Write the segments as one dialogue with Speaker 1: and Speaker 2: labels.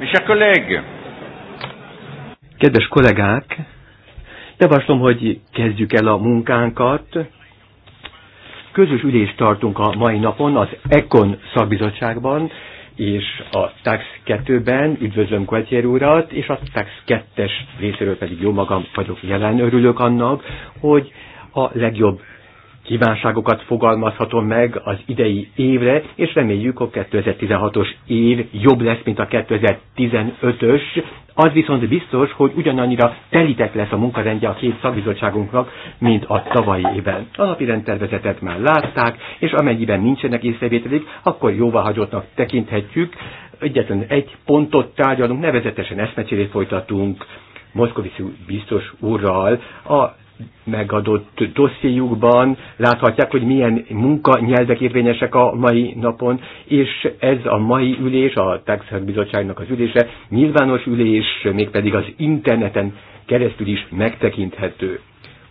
Speaker 1: Mes chers collègues.
Speaker 2: Kedves kollégák, javaslom, hogy kezdjük el a munkánkat. Közös ülést tartunk a mai napon az Econ szakbizottságban és a TAX 2-ben üdvözlöm Kuetier urat, és a TAX 2-es részéről pedig jó magam vagyok jelen. Örülök annak, hogy a legjobb kívánságokat fogalmazhatom meg az idei évre, és reméljük a 2016-os év jobb lesz, mint a 2015-ös. Az viszont biztos, hogy ugyanannyira telített lesz a munkarendje a két szakbizottságunknak, mint a tavalyi évben. A napi rendtervezetet már látták, és amennyiben nincsenek észrevételik, akkor jóváhagyottnak tekinthetjük. Egyetlen egy pontot tárgyalunk, nevezetesen eszmecserét folytatunk Moszkovici biztos úrral a megadott dossziukban láthatják, hogy milyen munkanyelvek érvényesek a mai napon, és ez a mai ülés, a Texas Bizottságnak az ülése nyilvános ülés, mégpedig az interneten keresztül is megtekinthető.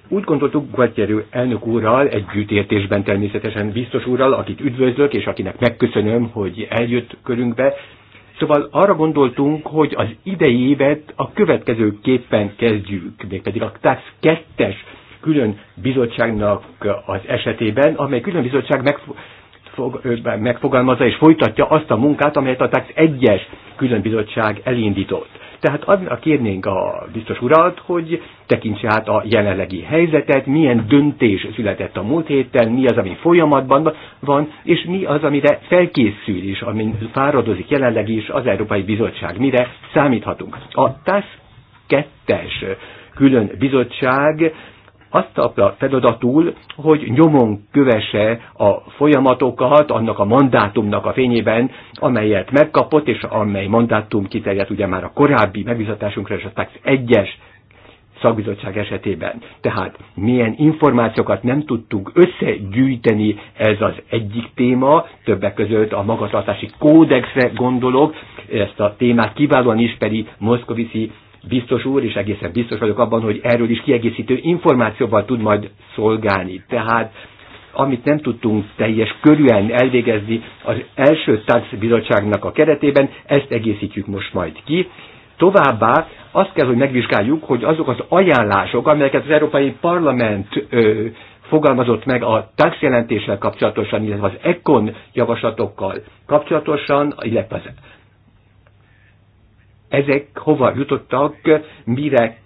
Speaker 2: Úgy gondoltuk Gualtierő elnök úrral, együttértésben természetesen biztos úrral, akit üdvözlök, és akinek megköszönöm, hogy eljött körünkbe, Szóval arra gondoltunk, hogy az idei évet a következőképpen kezdjük, mégpedig a TASZ 2-es külön bizottságnak az esetében, amely külön bizottság megfog, megfogalmazza és folytatja azt a munkát, amelyet a TAX 1-es bizottság elindított. Tehát arra kérnénk a biztos urat, hogy tekintse át a jelenlegi helyzetet, milyen döntés született a múlt héten, mi az, ami folyamatban van, és mi az, amire felkészül is, amin fáradozik jelenleg is az Európai Bizottság, mire számíthatunk. A TASZ 2-es külön bizottság azt a feladatul, hogy nyomon kövesse a folyamatokat annak a mandátumnak a fényében, amelyet megkapott, és amely mandátum kiterjedt ugye már a korábbi megbizatásunkra, és a TAX 1-es szakbizottság esetében. Tehát milyen információkat nem tudtunk összegyűjteni, ez az egyik téma, többek között a magatartási kódexre gondolok, ezt a témát kiválóan ismeri Moszkovici biztos úr, és egészen biztos vagyok abban, hogy erről is kiegészítő információval tud majd szolgálni. Tehát amit nem tudtunk teljes körűen elvégezni az első TAX bizottságnak a keretében, ezt egészítjük most majd ki. Továbbá azt kell, hogy megvizsgáljuk, hogy azok az ajánlások, amelyeket az Európai Parlament ö, fogalmazott meg a TAX jelentéssel kapcsolatosan, illetve az ECON javaslatokkal kapcsolatosan, illetve az ezek hova jutottak, mire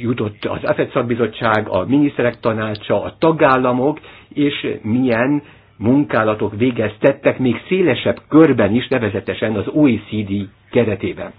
Speaker 2: jutott az AFED szakbizottság, a miniszterek tanácsa, a tagállamok, és milyen munkálatok végeztettek még szélesebb körben is, nevezetesen az OECD keretében.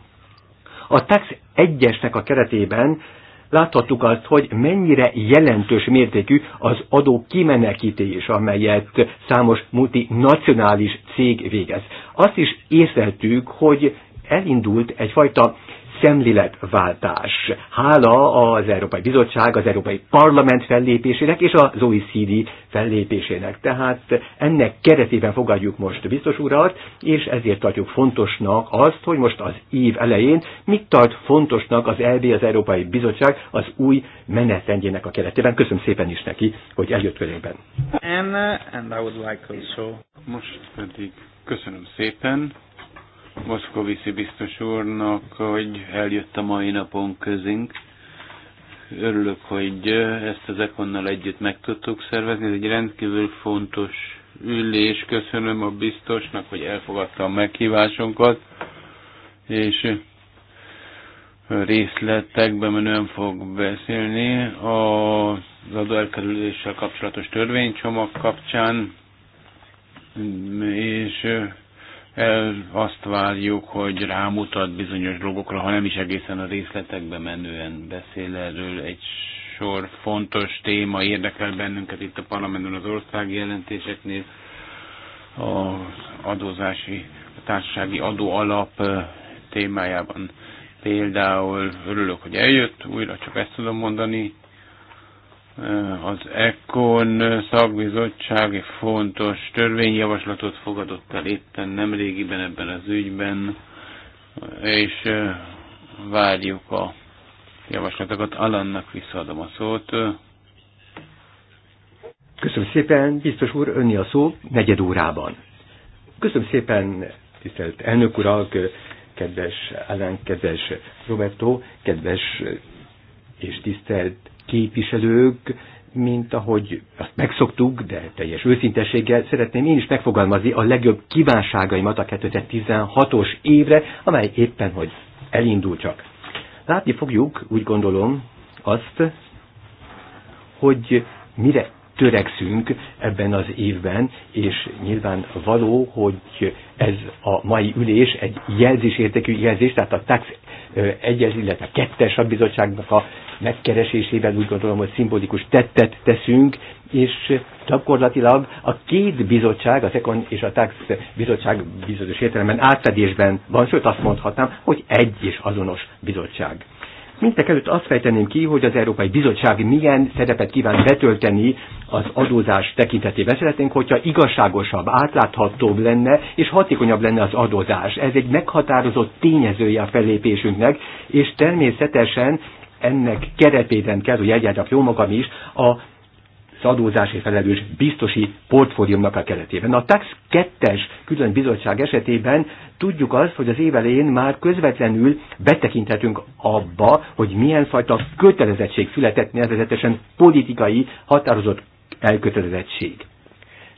Speaker 2: A TAX 1-esnek a keretében láthattuk azt, hogy mennyire jelentős mértékű az adó kimenekítés, amelyet számos multinacionális cég végez. Azt is észleltük, hogy elindult egyfajta szemléletváltás. Hála az Európai Bizottság, az Európai Parlament fellépésének és az OECD fellépésének. Tehát ennek keretében fogadjuk most biztos urat, és ezért tartjuk fontosnak azt, hogy most az év elején mit tart fontosnak az EB, az Európai Bizottság az új menetrendjének a keretében. Köszönöm szépen is neki, hogy eljött körében.
Speaker 1: And, and I would like also... Most pedig köszönöm szépen Moszkovici biztos úrnak, hogy eljött a mai napon közünk. Örülök, hogy ezt az Ekonnal együtt meg tudtuk szervezni. Ez egy rendkívül fontos ülés. Köszönöm a biztosnak, hogy elfogadta a meghívásunkat, és részletekben menően fog beszélni az adóelkerüléssel kapcsolatos törvénycsomag kapcsán, és el azt várjuk, hogy rámutat bizonyos dolgokra, ha nem is egészen a részletekbe menően beszél erről egy sor fontos téma érdekel bennünket itt a parlamentben az ország jelentéseknél, az adózási, a társasági adó alap témájában. Például örülök, hogy eljött, újra csak ezt tudom mondani, az ECON szakbizottsági fontos törvényjavaslatot fogadott el éppen nemrégiben ebben az ügyben, és várjuk a javaslatokat. Alannak visszaadom a szót.
Speaker 2: Köszönöm szépen, biztos úr, önni a szó negyed órában. Köszönöm szépen, tisztelt elnök urak, kedves Alan, kedves Roberto, kedves és tisztelt képviselők, mint ahogy azt megszoktuk, de teljes őszintességgel szeretném én is megfogalmazni a legjobb kívánságaimat a 2016-os évre, amely éppen, hogy elindul csak. Látni fogjuk, úgy gondolom, azt, hogy mire törekszünk ebben az évben, és nyilván való, hogy ez a mai ülés egy jelzésértékű jelzés, tehát a tax egyes, illetve kettes a bizottságnak a megkeresésében úgy gondolom, hogy szimbolikus tettet teszünk, és gyakorlatilag a két bizottság, a Tekon és a Tax bizottság bizonyos értelemben átfedésben van, sőt azt mondhatnám, hogy egy és azonos bizottság. Mindtek előtt azt fejteném ki, hogy az Európai Bizottság milyen szerepet kíván betölteni az adózás tekintetében. Szeretnénk, hogyha igazságosabb, átláthatóbb lenne és hatékonyabb lenne az adózás. Ez egy meghatározott tényezője a fellépésünknek, és természetesen ennek keretében kell, hogy egyáltalán jó magam is, a az adózási felelős biztosi portfóliumnak a keretében. A TAX 2-es külön bizottság esetében tudjuk azt, hogy az elején már közvetlenül betekinthetünk abba, hogy milyen fajta kötelezettség született, nevezetesen politikai határozott elkötelezettség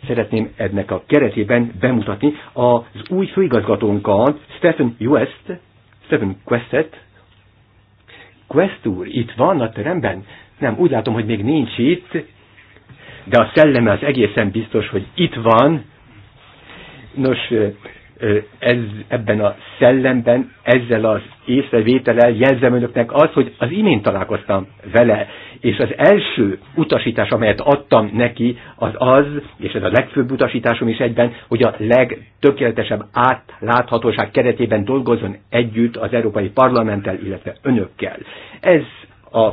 Speaker 2: szeretném ennek a keretében bemutatni az új főigazgatónkat, Stephen West, Stephen Questet. Quest úr, itt van a teremben? Nem, úgy látom, hogy még nincs itt de a szelleme az egészen biztos, hogy itt van. Nos, ez, ebben a szellemben, ezzel az észrevétellel jelzem önöknek az, hogy az imént találkoztam vele, és az első utasítás, amelyet adtam neki, az az, és ez a legfőbb utasításom is egyben, hogy a legtökéletesebb átláthatóság keretében dolgozzon együtt az Európai Parlamenttel, illetve önökkel. Ez a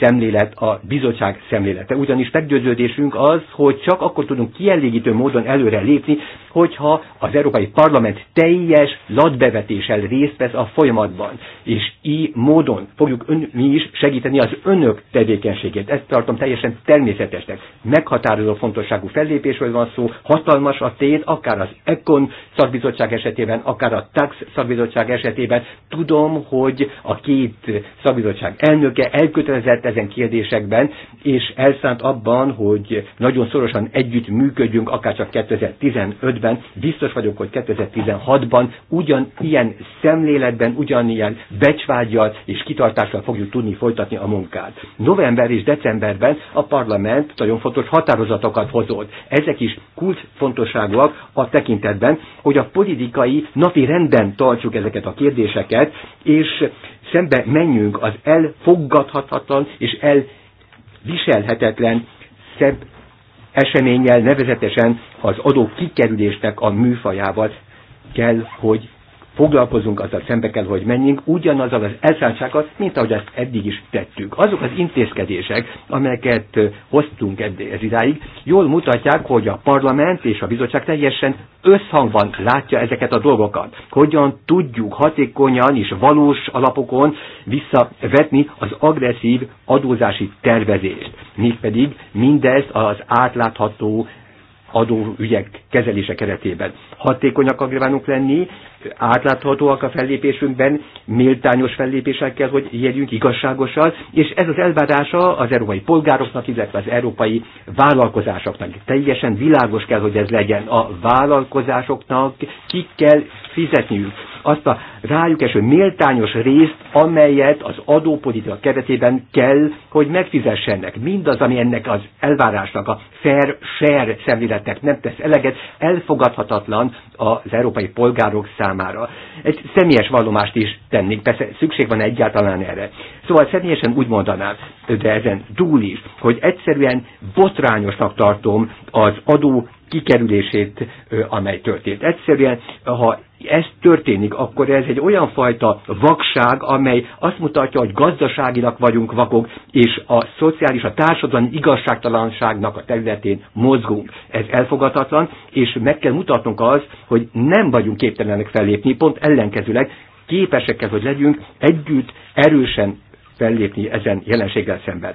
Speaker 2: szemlélet a bizottság szemlélete. Ugyanis meggyőződésünk az, hogy csak akkor tudunk kielégítő módon előre lépni, hogyha az Európai Parlament teljes latbevetéssel részt vesz a folyamatban. És így módon fogjuk ön, mi is segíteni az önök tevékenységét. Ezt tartom teljesen természetesnek. Meghatározó fontosságú fellépésről van szó, hatalmas a tét, akár az ECON szakbizottság esetében, akár a TAX szakbizottság esetében. Tudom, hogy a két szakbizottság elnöke elkötelezett elkötelezett ezen kérdésekben, és elszánt abban, hogy nagyon szorosan együtt működjünk, akár csak 2015-ben, biztos vagyok, hogy 2016-ban ugyanilyen szemléletben, ugyanilyen becsvágyjal és kitartással fogjuk tudni folytatni a munkát. November és decemberben a parlament nagyon fontos határozatokat hozott. Ezek is kulcsfontosságúak a tekintetben, hogy a politikai napi renden tartsuk ezeket a kérdéseket, és szembe menjünk az elfogadhatatlan és elviselhetetlen szebb eseménnyel, nevezetesen az adó kikerülésnek a műfajával kell, hogy foglalkozunk, azzal szembe kell, hogy menjünk, ugyanazzal az elszántsággal, mint ahogy ezt eddig is tettük. Azok az intézkedések, amelyeket hoztunk ez idáig, jól mutatják, hogy a parlament és a bizottság teljesen összhangban látja ezeket a dolgokat. Hogyan tudjuk hatékonyan és valós alapokon visszavetni az agresszív adózási tervezést. Mégpedig mindezt az átlátható adóügyek kezelése keretében. Hatékonyak kívánunk lenni, átláthatóak a fellépésünkben, méltányos fellépésekkel, hogy jegyünk igazságosan, és ez az elvárása az európai polgároknak, illetve az európai vállalkozásoknak. Teljesen világos kell, hogy ez legyen. A vállalkozásoknak ki kell fizetniük azt a rájuk eső méltányos részt, amelyet az adópolitika keretében kell, hogy megfizessenek. Mindaz, ami ennek az elvárásnak, a fair share szemléletnek nem tesz eleget, elfogadhatatlan az európai polgárok számára számára. Egy személyes vallomást is tennék, persze szükség van egyáltalán erre. Szóval személyesen úgy mondanám, de ezen túl is, hogy egyszerűen botrányosnak tartom az adó kikerülését, amely történt. Egyszerűen, ha ez történik, akkor ez egy olyan fajta vakság, amely azt mutatja, hogy gazdaságilag vagyunk vakok, és a szociális, a társadalmi igazságtalanságnak a területén mozgunk. Ez elfogadhatatlan, és meg kell mutatnunk az, hogy nem vagyunk képtelenek fellépni, pont ellenkezőleg képesek kell, hogy legyünk együtt erősen fellépni ezen jelenséggel szemben.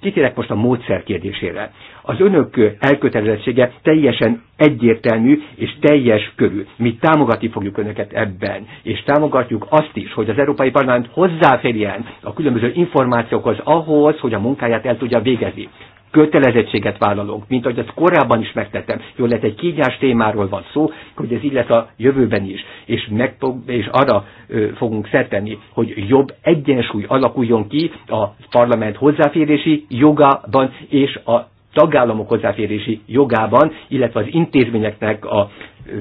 Speaker 2: Kitérek most a módszer kérdésére. Az önök elkötelezettsége teljesen egyértelmű és teljes körű. Mi támogatni fogjuk önöket ebben, és támogatjuk azt is, hogy az Európai Parlament hozzáférjen a különböző információkhoz ahhoz, hogy a munkáját el tudja végezni kötelezettséget vállalunk, mint ahogy ezt korábban is megtettem. Jó, lehet, egy kígyás témáról van szó, hogy ez így lesz a jövőben is, és, meg, és arra ö, fogunk szertenni, hogy jobb egyensúly alakuljon ki a parlament hozzáférési jogában és a tagállamok hozzáférési jogában, illetve az intézményeknek a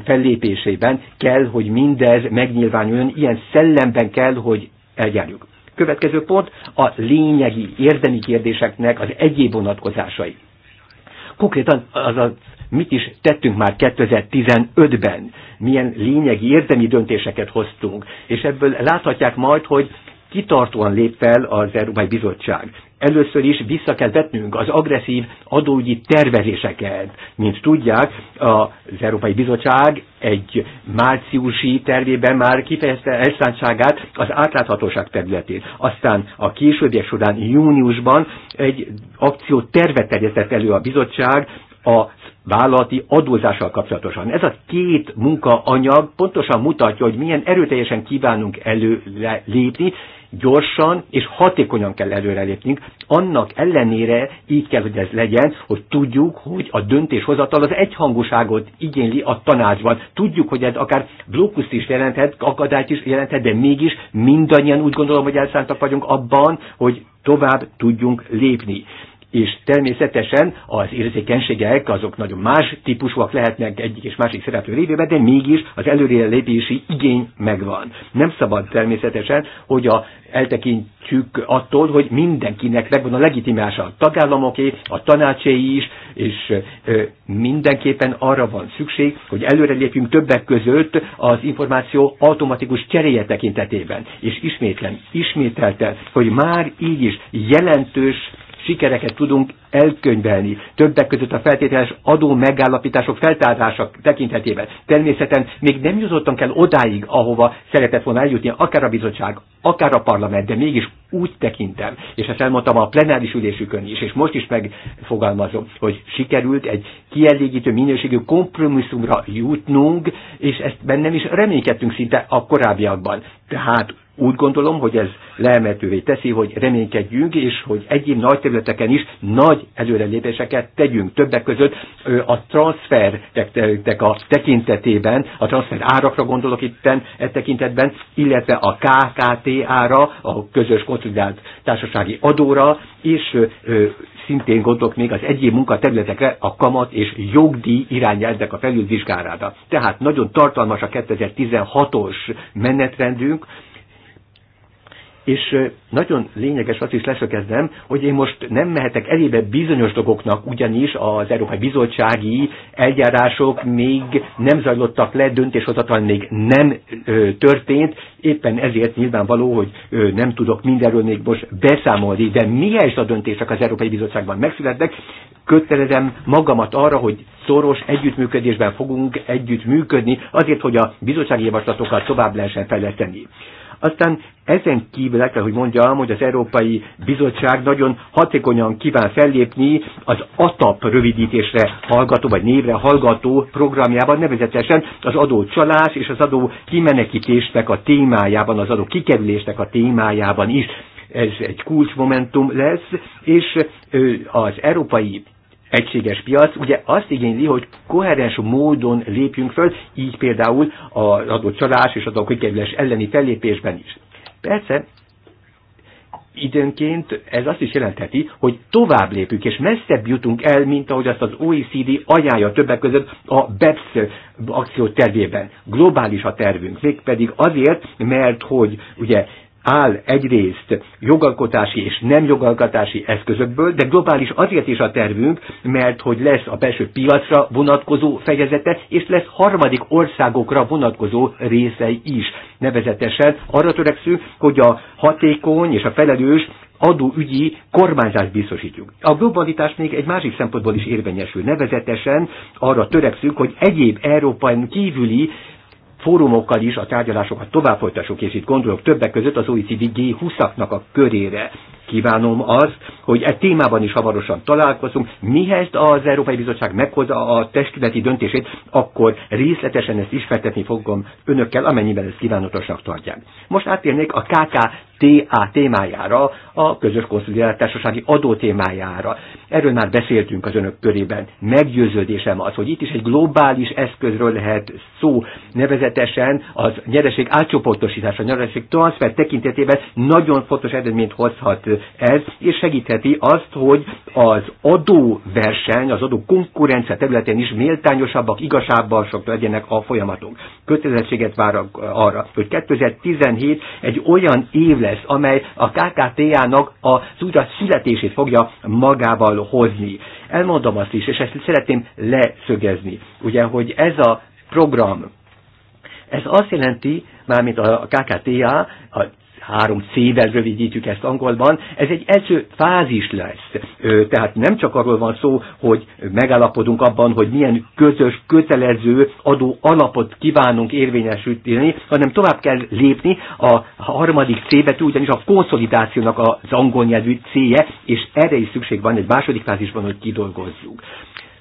Speaker 2: fellépésében kell, hogy mindez megnyilvánuljon, ilyen szellemben kell, hogy eljárjuk. Következő pont a lényegi, érdemi kérdéseknek az egyéb vonatkozásai. Konkrétan a mit is tettünk már 2015-ben, milyen lényegi, érdemi döntéseket hoztunk, és ebből láthatják majd, hogy kitartóan lép fel az Európai Bizottság először is vissza kell vetnünk az agresszív adóügyi tervezéseket. Mint tudják, az Európai Bizottság egy márciusi tervében már kifejezte elszántságát az átláthatóság területén. Aztán a későbbiek során júniusban egy akció tervet terjesztett elő a bizottság a vállalati adózással kapcsolatosan. Ez a két munkaanyag pontosan mutatja, hogy milyen erőteljesen kívánunk előlépni, gyorsan és hatékonyan kell előrelépnünk, annak ellenére így kell, hogy ez legyen, hogy tudjuk, hogy a döntéshozatal az egyhangúságot igényli a tanácsban. Tudjuk, hogy ez akár blókuszt is jelenthet, akadályt is jelenthet, de mégis mindannyian úgy gondolom, hogy elszántak vagyunk abban, hogy tovább tudjunk lépni és természetesen az érzékenységek azok nagyon más típusúak lehetnek egyik és másik szereplő révében, de mégis az előrelépési igény megvan. Nem szabad természetesen, hogy a, eltekintjük attól, hogy mindenkinek megvan a legitimása a tagállamoké, a tanácséi is, és ö, mindenképpen arra van szükség, hogy előrelépjünk többek között az információ automatikus cseréje tekintetében. És ismétlen, ismételten, hogy már így is jelentős sikereket tudunk elkönyvelni. Többek között a feltételes adó megállapítások feltárása tekintetében. Természetesen még nem jutottunk el odáig, ahova szeretett volna eljutni, akár a bizottság, akár a parlament, de mégis úgy tekintem, és ezt elmondtam a plenáris ülésükön is, és most is megfogalmazom, hogy sikerült egy kielégítő minőségű kompromisszumra jutnunk, és ezt bennem is reménykedtünk szinte a korábbiakban. Tehát úgy gondolom, hogy ez lehetővé teszi, hogy reménykedjünk, és hogy egyéb nagy területeken is nagy előrelépéseket tegyünk. Többek között a transferek a tekintetében, a transfer árakra gondolok itten, e tekintetben, illetve a KKT FCA-ra, a közös konszolidált társasági adóra, és ö, szintén gondolok még az egyéb munkaterületekre a kamat és jogdíj irányelvek a felülvizsgálára. Tehát nagyon tartalmas a 2016-os menetrendünk, és nagyon lényeges azt is leszökezzem, hogy én most nem mehetek elébe bizonyos dolgoknak, ugyanis az Európai Bizottsági eljárások még nem zajlottak le, döntéshozatal még nem ö, történt, éppen ezért nyilvánvaló, hogy ö, nem tudok mindenről még most beszámolni, de is a döntések az Európai Bizottságban megszületnek, kötelezem magamat arra, hogy szoros együttműködésben fogunk együttműködni, azért, hogy a bizottsági javaslatokat tovább lehessen fejleszteni. Aztán ezen kívül el kell, hogy mondjam, hogy az Európai Bizottság nagyon hatékonyan kíván fellépni az ATAP rövidítésre hallgató, vagy névre hallgató programjában, nevezetesen az adócsalás és az adó kimenekítésnek a témájában, az adó kikerülésnek a témájában is. Ez egy kulcsmomentum lesz, és az Európai egységes piac ugye azt igényli, hogy koherens módon lépjünk föl, így például az adott csalás és az adott elleni fellépésben is. Persze, időnként ez azt is jelentheti, hogy tovább lépünk és messzebb jutunk el, mint ahogy azt az OECD ajánlja többek között a BEPS tervében. Globális a tervünk, mégpedig azért, mert hogy ugye áll egyrészt jogalkotási és nem jogalkotási eszközökből, de globális azért is a tervünk, mert hogy lesz a belső piacra vonatkozó fejezete, és lesz harmadik országokra vonatkozó részei is. Nevezetesen arra törekszünk, hogy a hatékony és a felelős adóügyi kormányzást biztosítjuk. A globalitás még egy másik szempontból is érvényesül, nevezetesen arra törekszünk, hogy egyéb Európán kívüli fórumokkal is a tárgyalásokat tovább folytassuk, és itt gondolok többek között az OECD g 20 a körére. Kívánom azt, hogy e témában is hamarosan találkozunk, mihez az Európai Bizottság meghozza a testületi döntését, akkor részletesen ezt ismertetni fogom önökkel, amennyiben ezt kívánatosnak tartják. Most átérnék a KK TA témájára, a közös konszolidáltársasági adó témájára. Erről már beszéltünk az önök körében. Meggyőződésem az, hogy itt is egy globális eszközről lehet szó, nevezetesen az nyereség átcsoportosítása, a nyereség transfer tekintetében nagyon fontos eredményt hozhat ez, és segítheti azt, hogy az adóverseny, az adó konkurencia területén is méltányosabbak, sok legyenek a folyamatok. Kötelezettséget vár arra, hogy 2017 egy olyan év lesz, lesz, amely a KKTA-nak az újra születését fogja magával hozni. Elmondom azt is, és ezt szeretném leszögezni, ugye, hogy ez a program, ez azt jelenti, mármint a KKTA, a három C-vel rövidítjük ezt angolban, ez egy első fázis lesz. Tehát nem csak arról van szó, hogy megállapodunk abban, hogy milyen közös, kötelező adó alapot kívánunk érvényesíteni, hanem tovább kell lépni a harmadik C betű, ugyanis a konszolidációnak az angol nyelvű célje, és erre is szükség van egy második fázisban, hogy kidolgozzuk.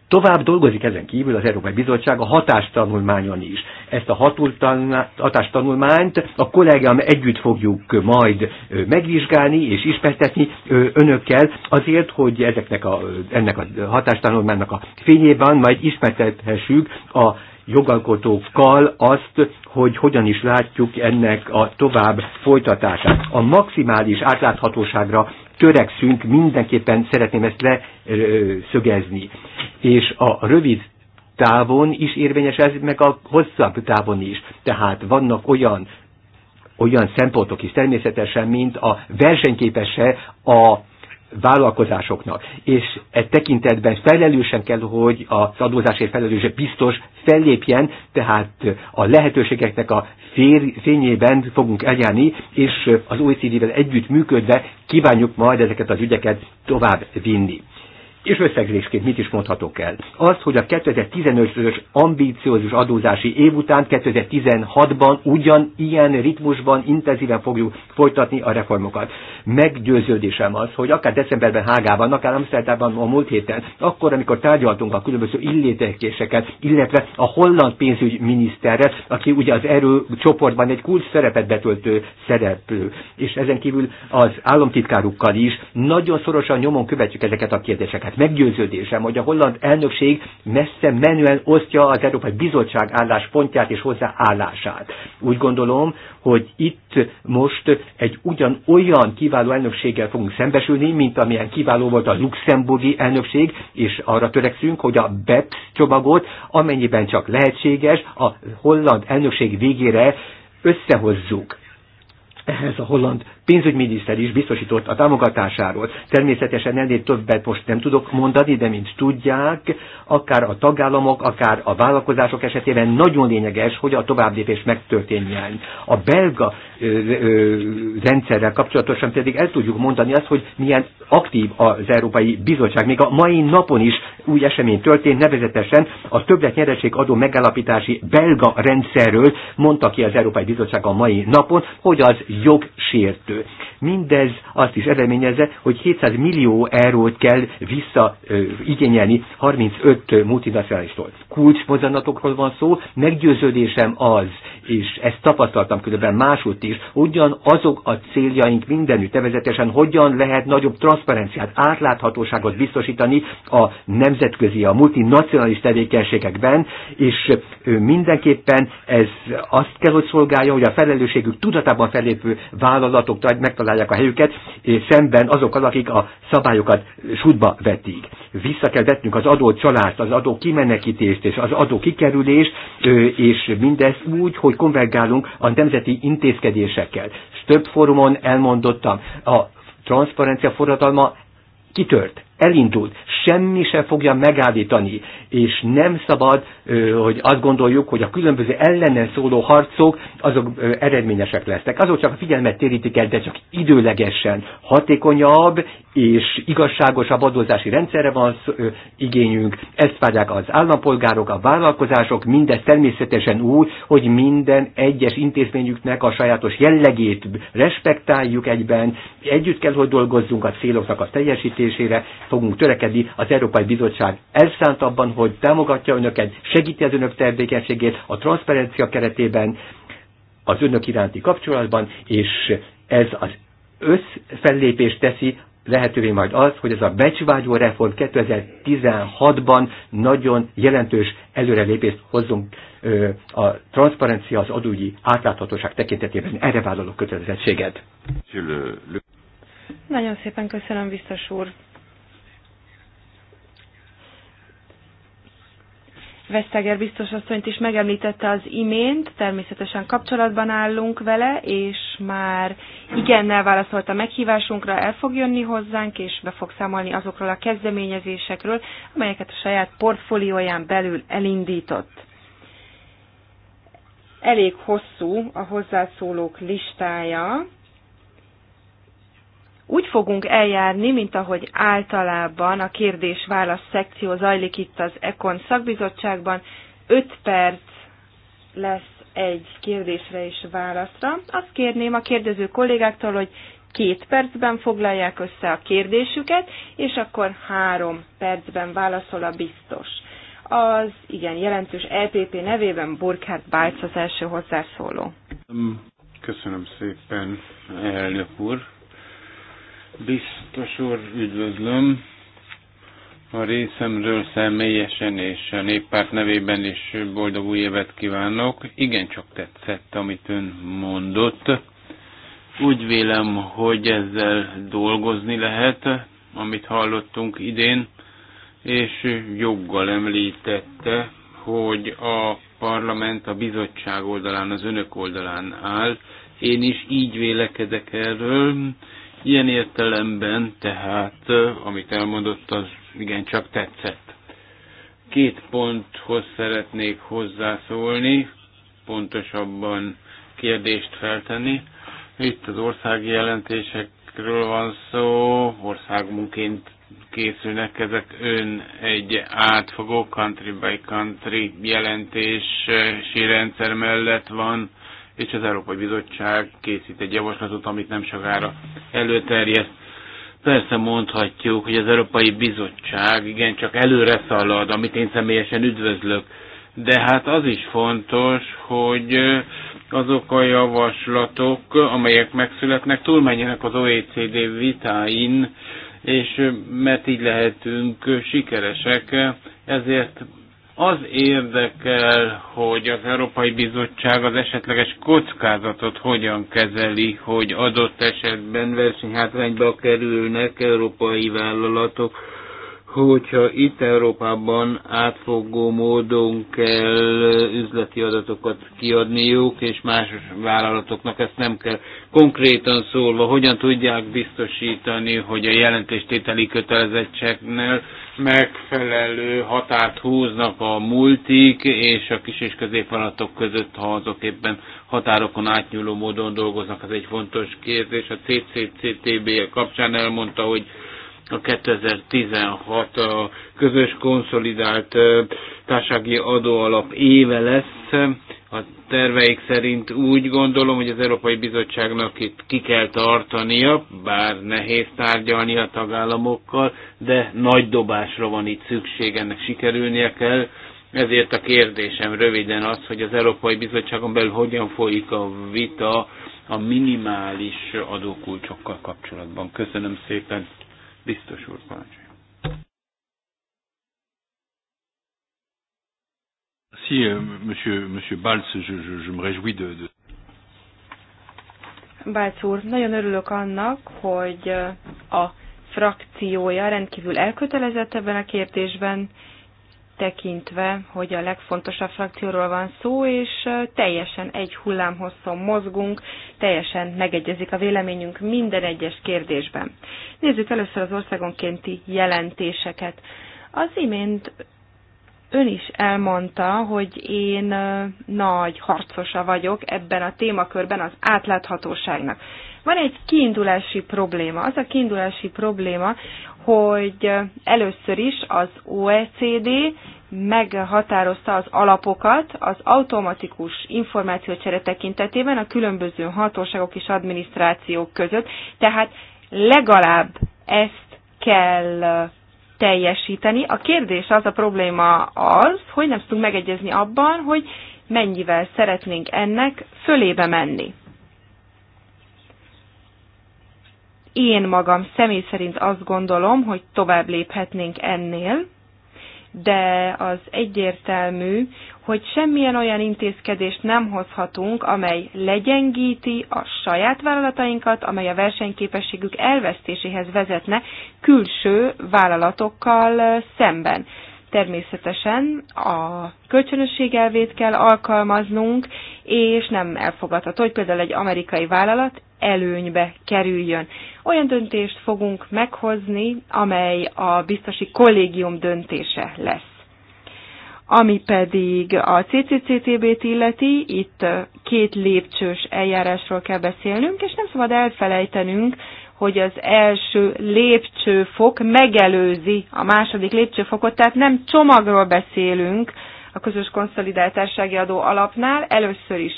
Speaker 2: Tovább dolgozik ezen kívül az Európai Bizottság a hatástanulmányon is. Ezt a hatástanulmányt a kollégám együtt fogjuk majd megvizsgálni és ismertetni önökkel azért, hogy ezeknek a, ennek a hatástanulmánynak a fényében majd ismertethessük a jogalkotókkal azt, hogy hogyan is látjuk ennek a tovább folytatását. A maximális átláthatóságra törekszünk, mindenképpen szeretném ezt leszögezni. És a rövid távon is érvényes ez, meg a hosszabb távon is. Tehát vannak olyan olyan szempontok is természetesen, mint a versenyképes a vállalkozásoknak, és e tekintetben felelősen kell, hogy az adózásért felelőse biztos fellépjen, tehát a lehetőségeknek a fér, fényében fogunk eljárni, és az OECD-vel együtt működve kívánjuk majd ezeket az ügyeket tovább vinni és összegzésként mit is mondhatok el? Az, hogy a 2015-ös ambíciózus adózási év után 2016-ban ugyan ilyen ritmusban intenzíven fogjuk folytatni a reformokat. Meggyőződésem az, hogy akár decemberben Hágában, akár Amsterdamban a múlt héten, akkor, amikor tárgyaltunk a különböző illétekéseket, illetve a holland pénzügyminiszterrel, aki ugye az erő csoportban egy kulcs szerepet betöltő szereplő, és ezen kívül az államtitkárukkal is nagyon szorosan nyomon követjük ezeket a kérdéseket Hát meggyőződésem, hogy a holland elnökség messze menően osztja az Európai Bizottság álláspontját és hozzáállását. Úgy gondolom, hogy itt most egy ugyanolyan kiváló elnökséggel fogunk szembesülni, mint amilyen kiváló volt a luxemburgi elnökség, és arra törekszünk, hogy a BEPS csomagot, amennyiben csak lehetséges, a holland elnökség végére összehozzuk ehhez a holland pénzügyminiszter is biztosított a támogatásáról. Természetesen ennél többet most nem tudok mondani, de mint tudják, akár a tagállamok, akár a vállalkozások esetében nagyon lényeges, hogy a továbblépés megtörténjen. A belga ö, ö, rendszerrel kapcsolatosan pedig el tudjuk mondani azt, hogy milyen aktív az Európai Bizottság. Még a mai napon is új esemény történt, nevezetesen a többletnyereség adó megállapítási belga rendszerről mondta ki az Európai Bizottság a mai napon, hogy az jogsértő Mindez azt is eredményezze, hogy 700 millió eurót kell visszaigényelni 35 multinacionalistól. Kulcsmozanatokról van szó, meggyőződésem az, és ezt tapasztaltam különben másút is, ugyanazok a céljaink mindenütt, nevezetesen hogyan lehet nagyobb transzparenciát, átláthatóságot biztosítani a nemzetközi, a multinacionalis tevékenységekben, és mindenképpen ez azt kell, hogy szolgálja, hogy a felelősségük tudatában felépő vállalatok megtalálják a helyüket, és szemben azokkal, akik a szabályokat sútba vetik. Vissza kell vetnünk az adó csalást, az adó kimenekítést és az adó kikerülést, és mindez úgy, hogy konvergálunk a nemzeti intézkedésekkel. több fórumon elmondottam, a transzparencia forradalma kitört elindult, semmi sem fogja megállítani, és nem szabad, hogy azt gondoljuk, hogy a különböző ellenen szóló harcok azok eredményesek lesznek. Azok csak a figyelmet térítik el, de csak időlegesen hatékonyabb és igazságosabb adózási rendszerre van igényünk. Ezt várják az állampolgárok, a vállalkozások, mindez természetesen úgy, hogy minden egyes intézményüknek a sajátos jellegét respektáljuk egyben, együtt kell, hogy dolgozzunk a céloknak a teljesítésére, fogunk törekedni. Az Európai Bizottság elszánt abban, hogy támogatja önöket, segíti az önök tevékenységét a transzparencia keretében, az önök iránti kapcsolatban, és ez az összfellépés teszi lehetővé majd az, hogy ez a becsvágyó reform 2016-ban nagyon jelentős előrelépést hozzunk a transzparencia az adógyi átláthatóság tekintetében. Erre vállalok kötelezettséget.
Speaker 3: Nagyon szépen köszönöm, biztos úr. Veszteger biztos asszonyt is megemlítette az imént, természetesen kapcsolatban állunk vele, és már igennel válaszolt a meghívásunkra, el fog jönni hozzánk, és be fog számolni azokról a kezdeményezésekről, amelyeket a saját portfólióján belül elindított. Elég hosszú a hozzászólók listája, úgy fogunk eljárni, mint ahogy általában a kérdés-válasz szekció zajlik itt az Econ szakbizottságban. 5 perc lesz egy kérdésre és válaszra. Azt kérném a kérdező kollégáktól, hogy két percben foglalják össze a kérdésüket, és akkor három percben válaszol a biztos. Az igen jelentős EPP nevében Burkhard Bájc az első hozzászóló.
Speaker 1: Köszönöm szépen, elnök úr Biztos úr, üdvözlöm a részemről személyesen és a néppárt nevében is boldog új évet kívánok. Igen, csak tetszett, amit ön mondott. Úgy vélem, hogy ezzel dolgozni lehet, amit hallottunk idén, és joggal említette, hogy a parlament a bizottság oldalán, az önök oldalán áll. Én is így vélekedek erről, Ilyen értelemben tehát, amit elmondott, az igencsak tetszett. Két ponthoz szeretnék hozzászólni, pontosabban kérdést feltenni. Itt az országi jelentésekről van szó, országunként készülnek ezek ön egy átfogó country by country jelentési rendszer mellett van, és az Európai Bizottság készít egy javaslatot, amit nem sokára előterjeszt. Persze mondhatjuk, hogy az Európai Bizottság igen csak előre szalad, amit én személyesen üdvözlök, de hát az is fontos, hogy azok a javaslatok, amelyek megszületnek, túlmenjenek az OECD vitáin, és mert így lehetünk sikeresek, ezért az érdekel, hogy az Európai Bizottság az esetleges kockázatot hogyan kezeli, hogy adott esetben versenyhátrányba kerülnek európai vállalatok, hogyha itt Európában átfogó módon kell üzleti adatokat kiadniuk, és más vállalatoknak ezt nem kell. Konkrétan szólva, hogyan tudják biztosítani, hogy a jelentéstételi kötelezettségnél megfelelő határt húznak a multik és a kis és középvállalatok között, ha azok éppen határokon átnyúló módon dolgoznak, ez egy fontos kérdés. A CCCTB e kapcsán elmondta, hogy a 2016 a közös konszolidált társági adóalap éve lesz. A terveik szerint úgy gondolom, hogy az Európai Bizottságnak itt ki kell tartania, bár nehéz tárgyalni a tagállamokkal, de nagy dobásra van itt szükség, ennek sikerülnie kell. Ezért a kérdésem röviden az, hogy az Európai Bizottságon belül hogyan folyik a vita a minimális adókulcsokkal kapcsolatban. Köszönöm szépen! Biztos úr, parancsolja. Merci, euh, monsieur, monsieur Balz. Je, je, je me réjouis de. de...
Speaker 3: Balc úr, nagyon örülök annak, hogy euh, a frakciója rendkívül elkötelezett ebben a kérdésben, tekintve, hogy a legfontosabb frakcióról van szó, és teljesen egy hullámhosszon mozgunk, teljesen megegyezik a véleményünk minden egyes kérdésben. Nézzük először az országonkénti jelentéseket. Az imént ön is elmondta, hogy én nagy harcosa vagyok ebben a témakörben az átláthatóságnak. Van egy kiindulási probléma. Az a kiindulási probléma, hogy először is az OECD meghatározta az alapokat az automatikus információcsere tekintetében a különböző hatóságok és adminisztrációk között, tehát legalább ezt kell teljesíteni. A kérdés az, a probléma az, hogy nem tudunk megegyezni abban, hogy mennyivel szeretnénk ennek fölébe menni. Én magam személy szerint azt gondolom, hogy tovább léphetnénk ennél, de az egyértelmű, hogy semmilyen olyan intézkedést nem hozhatunk, amely legyengíti a saját vállalatainkat, amely a versenyképességük elvesztéséhez vezetne külső vállalatokkal szemben. Természetesen a kölcsönösség elvét kell alkalmaznunk, és nem elfogadható, hogy például egy amerikai vállalat előnybe kerüljön. Olyan döntést fogunk meghozni, amely a biztosi kollégium döntése lesz. Ami pedig a CCCTB-t illeti, itt két lépcsős eljárásról kell beszélnünk, és nem szabad elfelejtenünk, hogy az első lépcsőfok megelőzi a második lépcsőfokot, tehát nem csomagról beszélünk a közös konszolidáltársági adó alapnál, először is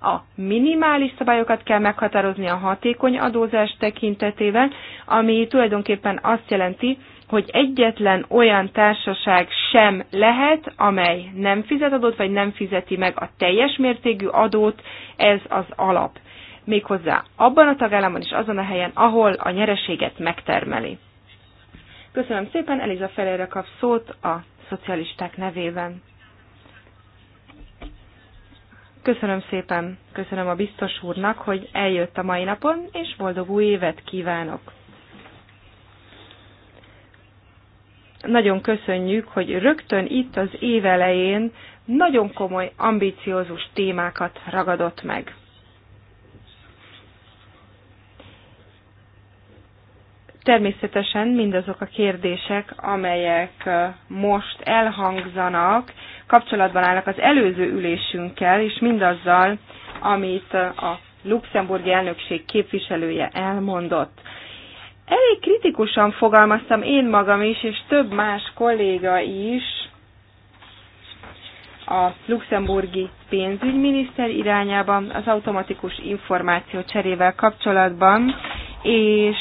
Speaker 3: a minimális szabályokat kell meghatározni a hatékony adózás tekintetében, ami tulajdonképpen azt jelenti, hogy egyetlen olyan társaság sem lehet, amely nem fizet adót, vagy nem fizeti meg a teljes mértékű adót, ez az alap méghozzá abban a tagállamban és azon a helyen, ahol a nyereséget megtermeli. Köszönöm szépen, Eliza Ferreira kap szót a szocialisták nevében. Köszönöm szépen, köszönöm a biztos úrnak, hogy eljött a mai napon, és boldog új évet kívánok! Nagyon köszönjük, hogy rögtön itt az év elején nagyon komoly, ambiciózus témákat ragadott meg. Természetesen mindazok a kérdések, amelyek most elhangzanak, kapcsolatban állnak az előző ülésünkkel, és mindazzal, amit a luxemburgi elnökség képviselője elmondott. Elég kritikusan fogalmaztam én magam is, és több más kolléga is a luxemburgi pénzügyminiszter irányában az automatikus információ cserével kapcsolatban, és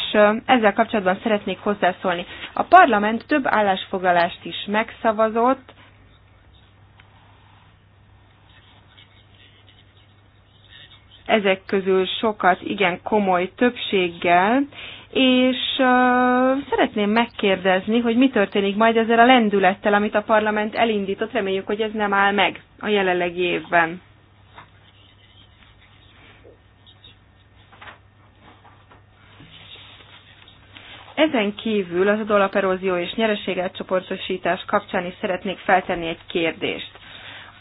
Speaker 3: ezzel kapcsolatban szeretnék hozzászólni. A parlament több állásfoglalást is megszavazott, ezek közül sokat igen komoly többséggel, és uh, szeretném megkérdezni, hogy mi történik majd ezzel a lendülettel, amit a parlament elindított. Reméljük, hogy ez nem áll meg a jelenlegi évben. Ezen kívül az adóalaperózió és nyereséget csoportosítás kapcsán is szeretnék feltenni egy kérdést.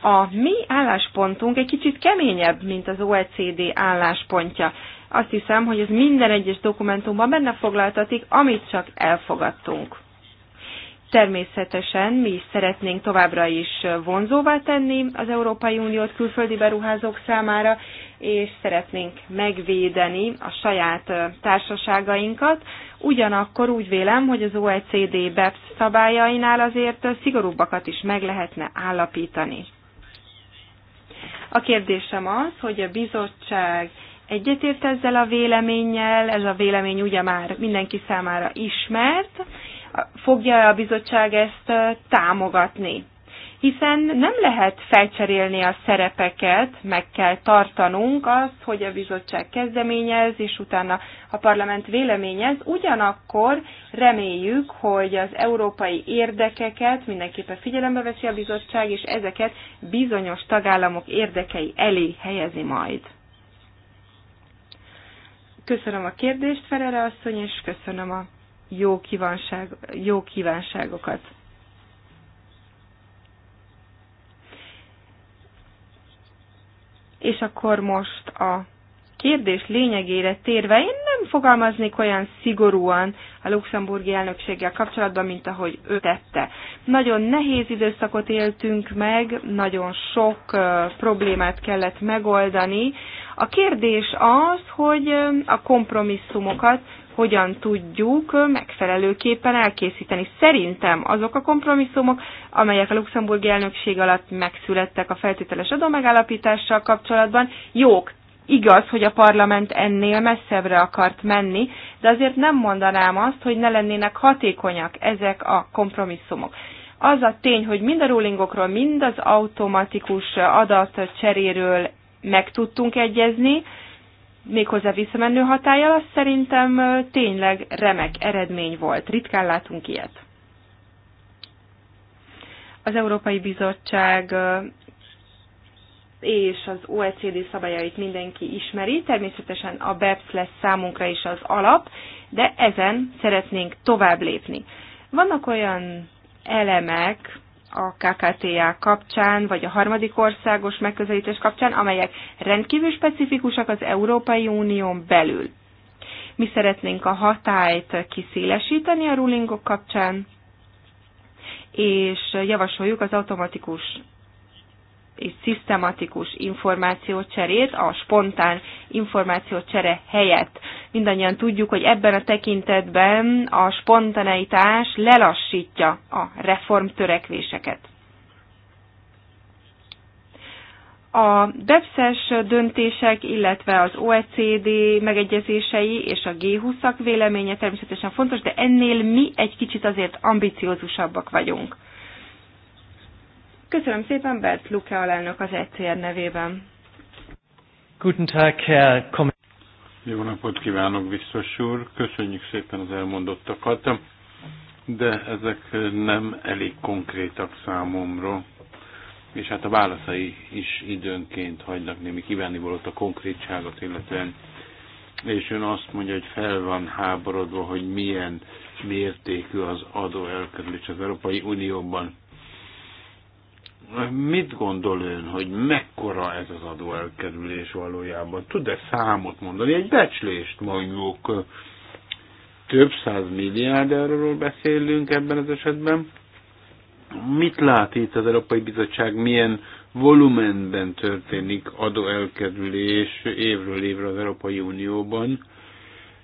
Speaker 3: A mi álláspontunk egy kicsit keményebb, mint az OECD álláspontja. Azt hiszem, hogy ez minden egyes dokumentumban benne foglaltatik, amit csak elfogadtunk. Természetesen mi is szeretnénk továbbra is vonzóvá tenni az Európai Uniót külföldi beruházók számára, és szeretnénk megvédeni a saját társaságainkat. Ugyanakkor úgy vélem, hogy az OECD BEPS szabályainál azért szigorúbbakat is meg lehetne állapítani. A kérdésem az, hogy a bizottság egyetért ezzel a véleménnyel, ez a vélemény ugye már mindenki számára ismert, fogja a bizottság ezt támogatni? Hiszen nem lehet felcserélni a szerepeket, meg kell tartanunk azt, hogy a bizottság kezdeményez, és utána a parlament véleményez. Ugyanakkor reméljük, hogy az európai érdekeket mindenképpen figyelembe veszi a bizottság, és ezeket bizonyos tagállamok érdekei elé helyezi majd. Köszönöm a kérdést, Ferere asszony, és köszönöm a jó, kívánság, jó kívánságokat. És akkor most a kérdés lényegére térve, én nem fogalmaznék olyan szigorúan a luxemburgi elnökséggel kapcsolatban, mint ahogy ő tette. Nagyon nehéz időszakot éltünk meg, nagyon sok uh, problémát kellett megoldani. A kérdés az, hogy uh, a kompromisszumokat hogyan tudjuk megfelelőképpen elkészíteni. Szerintem azok a kompromisszumok, amelyek a luxemburgi elnökség alatt megszülettek a feltételes adómegállapítással kapcsolatban, jók. Igaz, hogy a parlament ennél messzebbre akart menni, de azért nem mondanám azt, hogy ne lennének hatékonyak ezek a kompromisszumok az a tény, hogy mind a rulingokról, mind az automatikus adatcseréről meg tudtunk egyezni, méghozzá visszamenő hatállyal, az szerintem tényleg remek eredmény volt. Ritkán látunk ilyet. Az Európai Bizottság és az OECD szabályait mindenki ismeri, természetesen a BEPS lesz számunkra is az alap, de ezen szeretnénk tovább lépni. Vannak olyan elemek, a KKTA kapcsán, vagy a harmadik országos megközelítés kapcsán, amelyek rendkívül specifikusak az Európai Unión belül. Mi szeretnénk a hatályt kiszélesíteni a rulingok kapcsán, és javasoljuk az automatikus és szisztematikus információcserét, a spontán információcsere helyett. Mindannyian tudjuk, hogy ebben a tekintetben a spontaneitás lelassítja a reformtörekvéseket. A BEPSZ-es döntések, illetve az OECD megegyezései és a G20-ak véleménye természetesen fontos, de ennél mi egy kicsit azért ambiciózusabbak vagyunk. Köszönöm szépen, Bert Luke alelnök az ECR nevében.
Speaker 1: Guten Tag, Herr Jó napot kívánok, biztos úr. Köszönjük szépen az elmondottakat, de ezek nem elég konkrétak számomra. És hát a válaszai is időnként hagynak némi kívánivalót a konkrétságot, illetően és ön azt mondja, hogy fel van háborodva, hogy milyen mértékű az adó elkerülés az Európai Unióban. Mit gondol ön, hogy mekkora ez az adóelkerülés valójában? Tud-e számot mondani? Egy becslést mondjuk több száz milliárd euróról beszélünk ebben az esetben. Mit lát itt az Európai Bizottság, milyen volumenben történik adóelkerülés évről évre az Európai Unióban?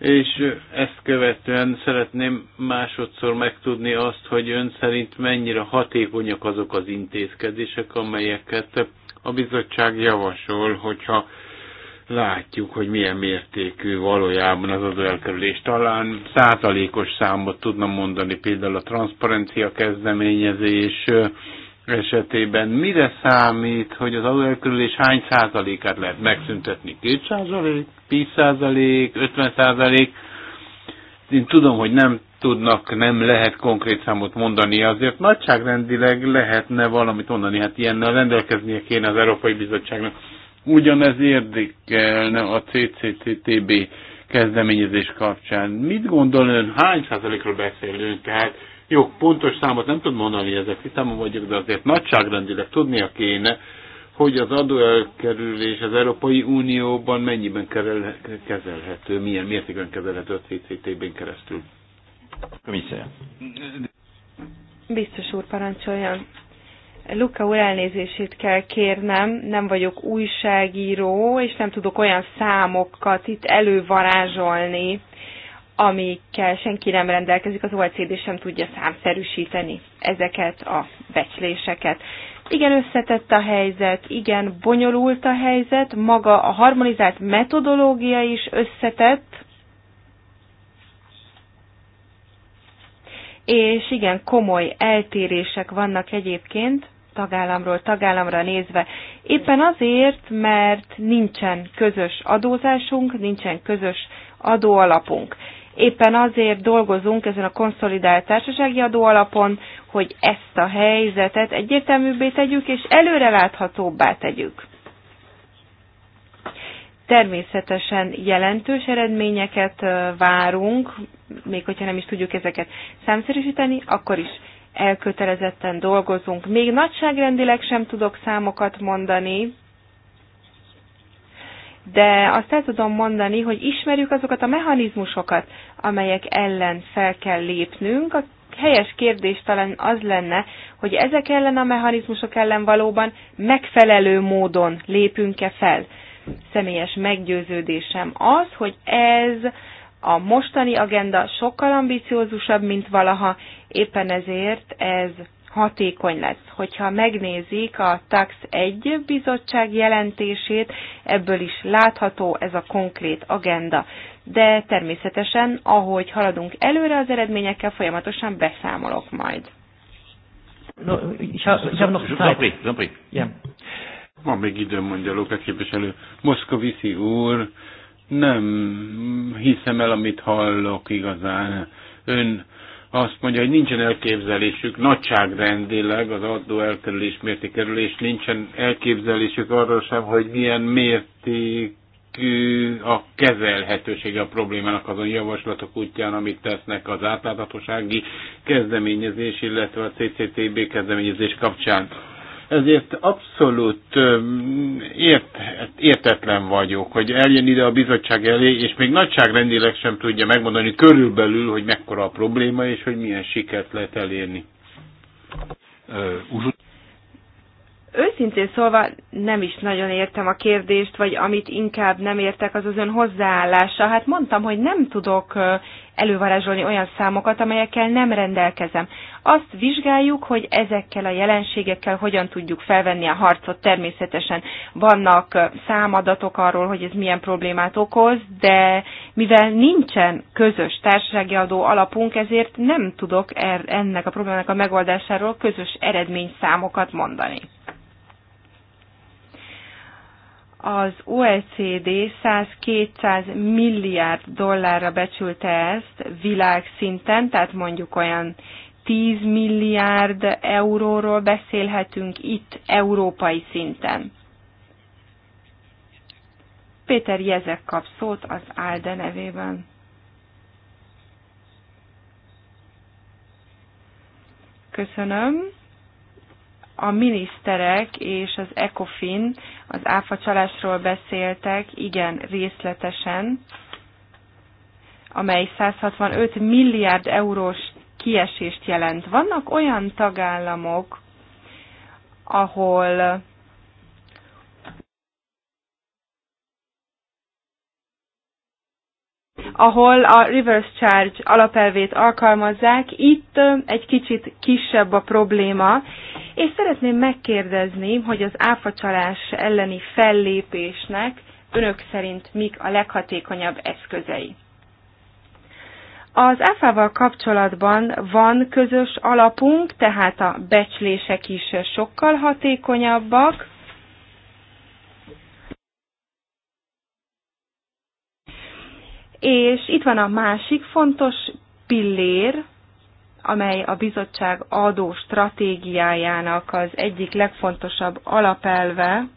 Speaker 1: és ezt követően szeretném másodszor megtudni azt, hogy ön szerint mennyire hatékonyak azok az intézkedések, amelyeket a bizottság javasol, hogyha látjuk, hogy milyen mértékű valójában az elkerülés. Talán százalékos számot tudna mondani, például a transzparencia kezdeményezés, esetében mire számít, hogy az adóelkülés hány százalékát lehet megszüntetni? 2 százalék, 10 százalék, 50 százalék? Én tudom, hogy nem tudnak, nem lehet konkrét számot mondani, azért nagyságrendileg lehetne valamit mondani, hát ilyennel rendelkeznie kéne az Európai Bizottságnak. Ugyanez érdekelne a CCCTB kezdeményezés kapcsán. Mit gondol ön, hány százalékról beszélünk? Tehát jó, pontos számot nem tud mondani, ezek számom vagyok, de azért nagyságrendileg tudnia kéne, hogy az adóelkerülés az Európai Unióban mennyiben kezelhető, milyen mértékben kezelhető a CCTB-n keresztül. Komisszája.
Speaker 3: Biztos úr, parancsoljon. Luka úr elnézését kell kérnem, nem vagyok újságíró, és nem tudok olyan számokat itt elővarázsolni, amikkel senki nem rendelkezik, az OECD sem tudja számszerűsíteni ezeket a becsléseket. Igen, összetett a helyzet, igen, bonyolult a helyzet, maga a harmonizált metodológia is összetett, és igen, komoly eltérések vannak egyébként tagállamról tagállamra nézve. Éppen azért, mert nincsen közös adózásunk, nincsen közös adóalapunk. Éppen azért dolgozunk ezen a konszolidált társasági adóalapon, hogy ezt a helyzetet egyértelműbbé tegyük és előreláthatóbbá tegyük. Természetesen jelentős eredményeket várunk, még hogyha nem is tudjuk ezeket számszerűsíteni, akkor is elkötelezetten dolgozunk. Még nagyságrendileg sem tudok számokat mondani, de azt el tudom mondani, hogy ismerjük azokat a mechanizmusokat, amelyek ellen fel kell lépnünk. A helyes kérdés talán az lenne, hogy ezek ellen a mechanizmusok ellen valóban megfelelő módon lépünk-e fel. Személyes meggyőződésem az, hogy ez a mostani agenda sokkal ambiciózusabb, mint valaha, éppen ezért ez hatékony lesz. Hogyha megnézik a TAX 1 bizottság jelentését, ebből is látható ez a konkrét agenda. De természetesen, ahogy haladunk előre az eredményekkel, folyamatosan beszámolok majd. No, Van
Speaker 1: még időm, mondja a képviselő. Moszkoviszi úr, nem hiszem el, amit hallok igazán. Ön azt mondja, hogy nincsen elképzelésük nagyságrendileg az adó elkerülés mértékerülés, nincsen elképzelésük arról sem, hogy milyen mértékű a kezelhetősége a problémának azon javaslatok útján, amit tesznek az átláthatósági kezdeményezés, illetve a CCTB kezdeményezés kapcsán. Ezért abszolút ért, értetlen vagyok, hogy eljön ide a bizottság elé, és még nagyságrendileg sem tudja megmondani körülbelül, hogy mekkora a probléma, és hogy milyen sikert lehet elérni.
Speaker 3: Őszintén szólva nem is nagyon értem a kérdést, vagy amit inkább nem értek, az az ön hozzáállása. Hát mondtam, hogy nem tudok elővarázsolni olyan számokat, amelyekkel nem rendelkezem. Azt vizsgáljuk, hogy ezekkel a jelenségekkel hogyan tudjuk felvenni a harcot. Természetesen vannak számadatok arról, hogy ez milyen problémát okoz, de mivel nincsen közös társasági adó alapunk, ezért nem tudok er- ennek a problémának a megoldásáról közös eredményszámokat mondani az OECD 100-200 milliárd dollárra becsülte ezt világszinten, tehát mondjuk olyan 10 milliárd euróról beszélhetünk itt európai szinten. Péter Jezek kap szót az Álde nevében. Köszönöm. A miniszterek és az ECOFIN az áfa csalásról beszéltek, igen, részletesen, amely 165 milliárd eurós kiesést jelent. Vannak olyan tagállamok, ahol ahol a reverse charge alapelvét alkalmazzák. Itt egy kicsit kisebb a probléma, és szeretném megkérdezni, hogy az áfacsalás elleni fellépésnek önök szerint mik a leghatékonyabb eszközei. Az áfával kapcsolatban van közös alapunk, tehát a becslések is sokkal hatékonyabbak, És itt van a másik fontos pillér, amely a bizottság adó stratégiájának az egyik legfontosabb alapelve,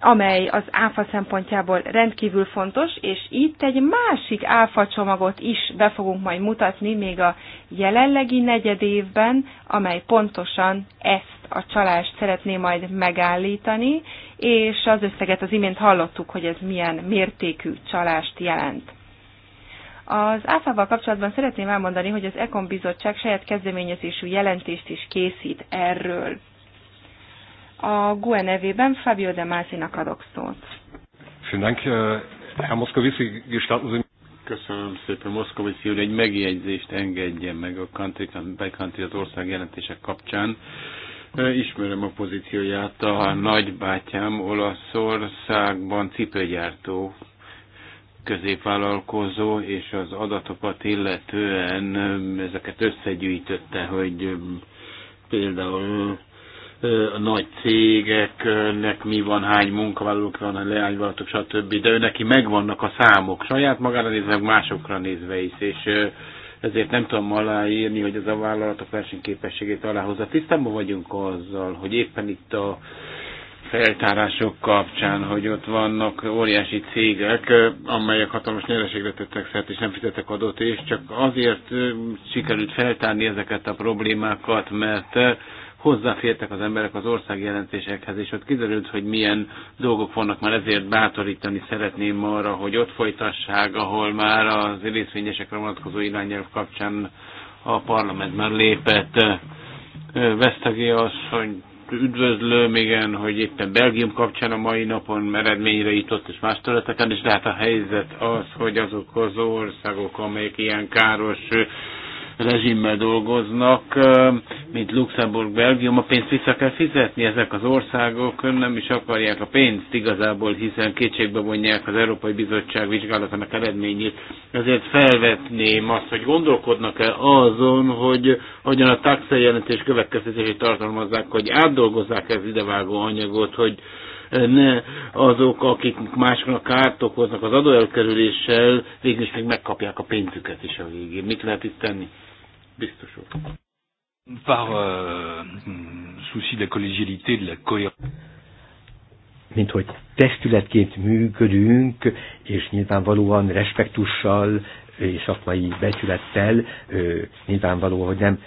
Speaker 3: amely az áfa szempontjából rendkívül fontos, és itt egy másik áfa csomagot is be fogunk majd mutatni még a jelenlegi negyed évben, amely pontosan ezt a csalást szeretné majd megállítani, és az összeget az imént hallottuk, hogy ez milyen mértékű csalást jelent. Az áfával kapcsolatban szeretném elmondani, hogy az Ekon Bizottság saját kezdeményezésű jelentést is készít erről. A GUE nevében Fabio De Mázinak adok szót.
Speaker 1: Äh, Köszönöm szépen, Moszkovici úr, egy megjegyzést engedjen meg a country by country az ország jelentések kapcsán. Ismerem a pozícióját, a nagybátyám Olaszországban cipőgyártó középvállalkozó, és az adatokat illetően ezeket összegyűjtötte, hogy például a nagy cégeknek mi van, hány munkavállalók van, leányvállalatok, stb. De ő neki megvannak a számok, saját magára nézve, másokra nézve is, és ezért nem tudom aláírni, hogy ez a vállalatok versenyképességét aláhozza. Tisztában vagyunk azzal, hogy éppen itt a feltárások kapcsán, hogy ott vannak óriási cégek, amelyek hatalmas nyereségre tettek szert, és nem fizetek adót, és csak azért sikerült feltárni ezeket a problémákat, mert hozzáfértek az emberek az ország jelentésekhez, és ott kiderült, hogy milyen dolgok vannak már, ezért bátorítani szeretném arra, hogy ott folytassák, ahol már az részvényesekre vonatkozó irányelv kapcsán a parlament már lépett. Vesztegi asszony üdvözlöm, igen, hogy éppen Belgium kapcsán a mai napon eredményre jutott, és más területeken és de hát a helyzet az, hogy azok az országok, amelyek ilyen káros rezsimmel dolgoznak, mint Luxemburg, Belgium, a pénzt vissza kell fizetni. Ezek az országok nem is akarják a pénzt igazából, hiszen kétségbe vonják az Európai Bizottság vizsgálatának eredményét. Ezért felvetném azt, hogy gondolkodnak-e azon, hogy hogyan a taxai jelentés következtetését tartalmazzák, hogy átdolgozzák ez idevágó anyagot, hogy ne azok, akik másoknak kárt okoznak az adóelkerüléssel, végül is még megkapják a pénzüket is a végén. Mit lehet itt tenni? Biztos úr. Par euh, hmm, souci de la collégialité,
Speaker 2: de la cohérence. Mint hogy testületként működünk, és nyilvánvalóan respektussal és szakmai becsülettel, nyilvánvaló, hogy nem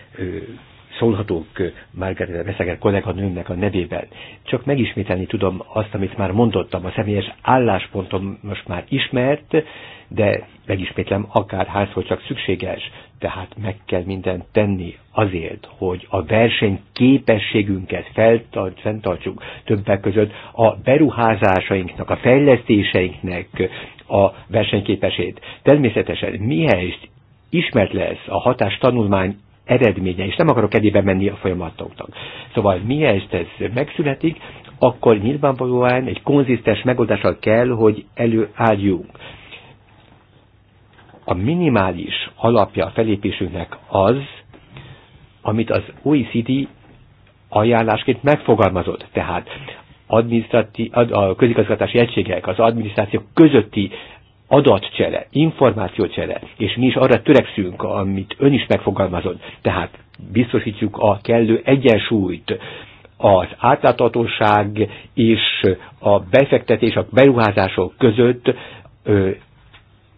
Speaker 2: szólhatunk eh, Margaret Veszeger kolléganőmnek a nevében. Csak megismételni tudom azt, amit már mondottam. A személyes álláspontom most már ismert, de megismétlem akár hányszor csak szükséges. Tehát meg kell mindent tenni azért, hogy a verseny képességünket fenntartsuk többek között a beruházásainknak, a fejlesztéseinknek a versenyképesét. Természetesen mihez ismert lesz a hatás tanulmány eredménye, és nem akarok eddig menni a folyamatoknak. Szóval miért ez megszületik, akkor nyilvánvalóan egy konzisztens megoldással kell, hogy előálljunk. A minimális alapja a felépésünknek az, amit az OECD ajánlásként megfogalmazott. Tehát ad, a közigazgatási egységek, az adminisztráció közötti adatcsere, információcsere, és mi is arra törekszünk, amit ön is megfogalmazott, tehát biztosítjuk a kellő egyensúlyt az átláthatóság és a befektetés, a beruházások között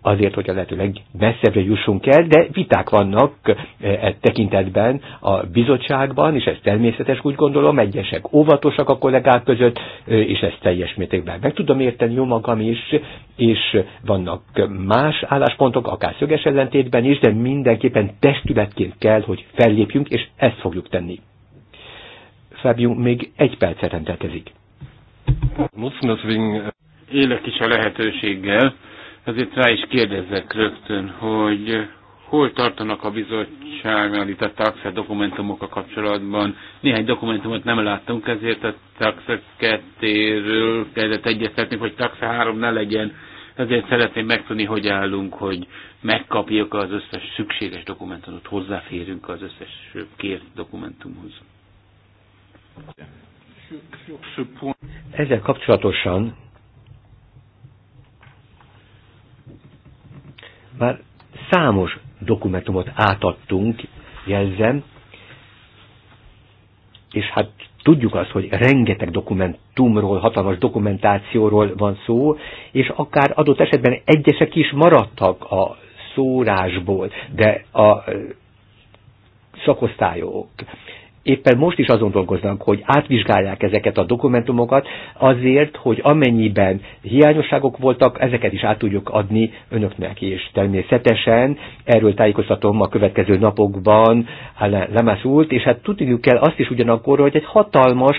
Speaker 2: azért, hogy a lehető legmesszebbre jussunk el, de viták vannak e, e tekintetben a bizottságban, és ez természetes, úgy gondolom, egyesek óvatosak a kollégák között, e, és ezt teljes mértékben meg tudom érteni jó magam is, és vannak más álláspontok, akár szöges ellentétben is, de mindenképpen testületként kell, hogy fellépjünk, és ezt fogjuk tenni. Fábio még egy percet rendelkezik.
Speaker 1: Nutzen élek is a lehetőséggel, ezért rá is kérdezzek rögtön, hogy hol tartanak a bizottság a taxa dokumentumok a kapcsolatban. Néhány dokumentumot nem láttunk, ezért a taxa 2-ről kezdett egyeztetni, hogy taxa 3 ne legyen. Ezért szeretném megtudni, hogy állunk, hogy megkapjuk az összes szükséges dokumentumot, hozzáférünk az összes kért dokumentumhoz.
Speaker 2: Ezzel kapcsolatosan már számos dokumentumot átadtunk, jelzem, és hát tudjuk azt, hogy rengeteg dokumentumról, hatalmas dokumentációról van szó, és akár adott esetben egyesek is maradtak a szórásból, de a szakosztályok éppen most is azon dolgoznak, hogy átvizsgálják ezeket a dokumentumokat azért, hogy amennyiben hiányosságok voltak, ezeket is át tudjuk adni önöknek. És természetesen erről tájékoztatom a következő napokban lemászult, és hát tudjuk kell azt is ugyanakkor, hogy egy hatalmas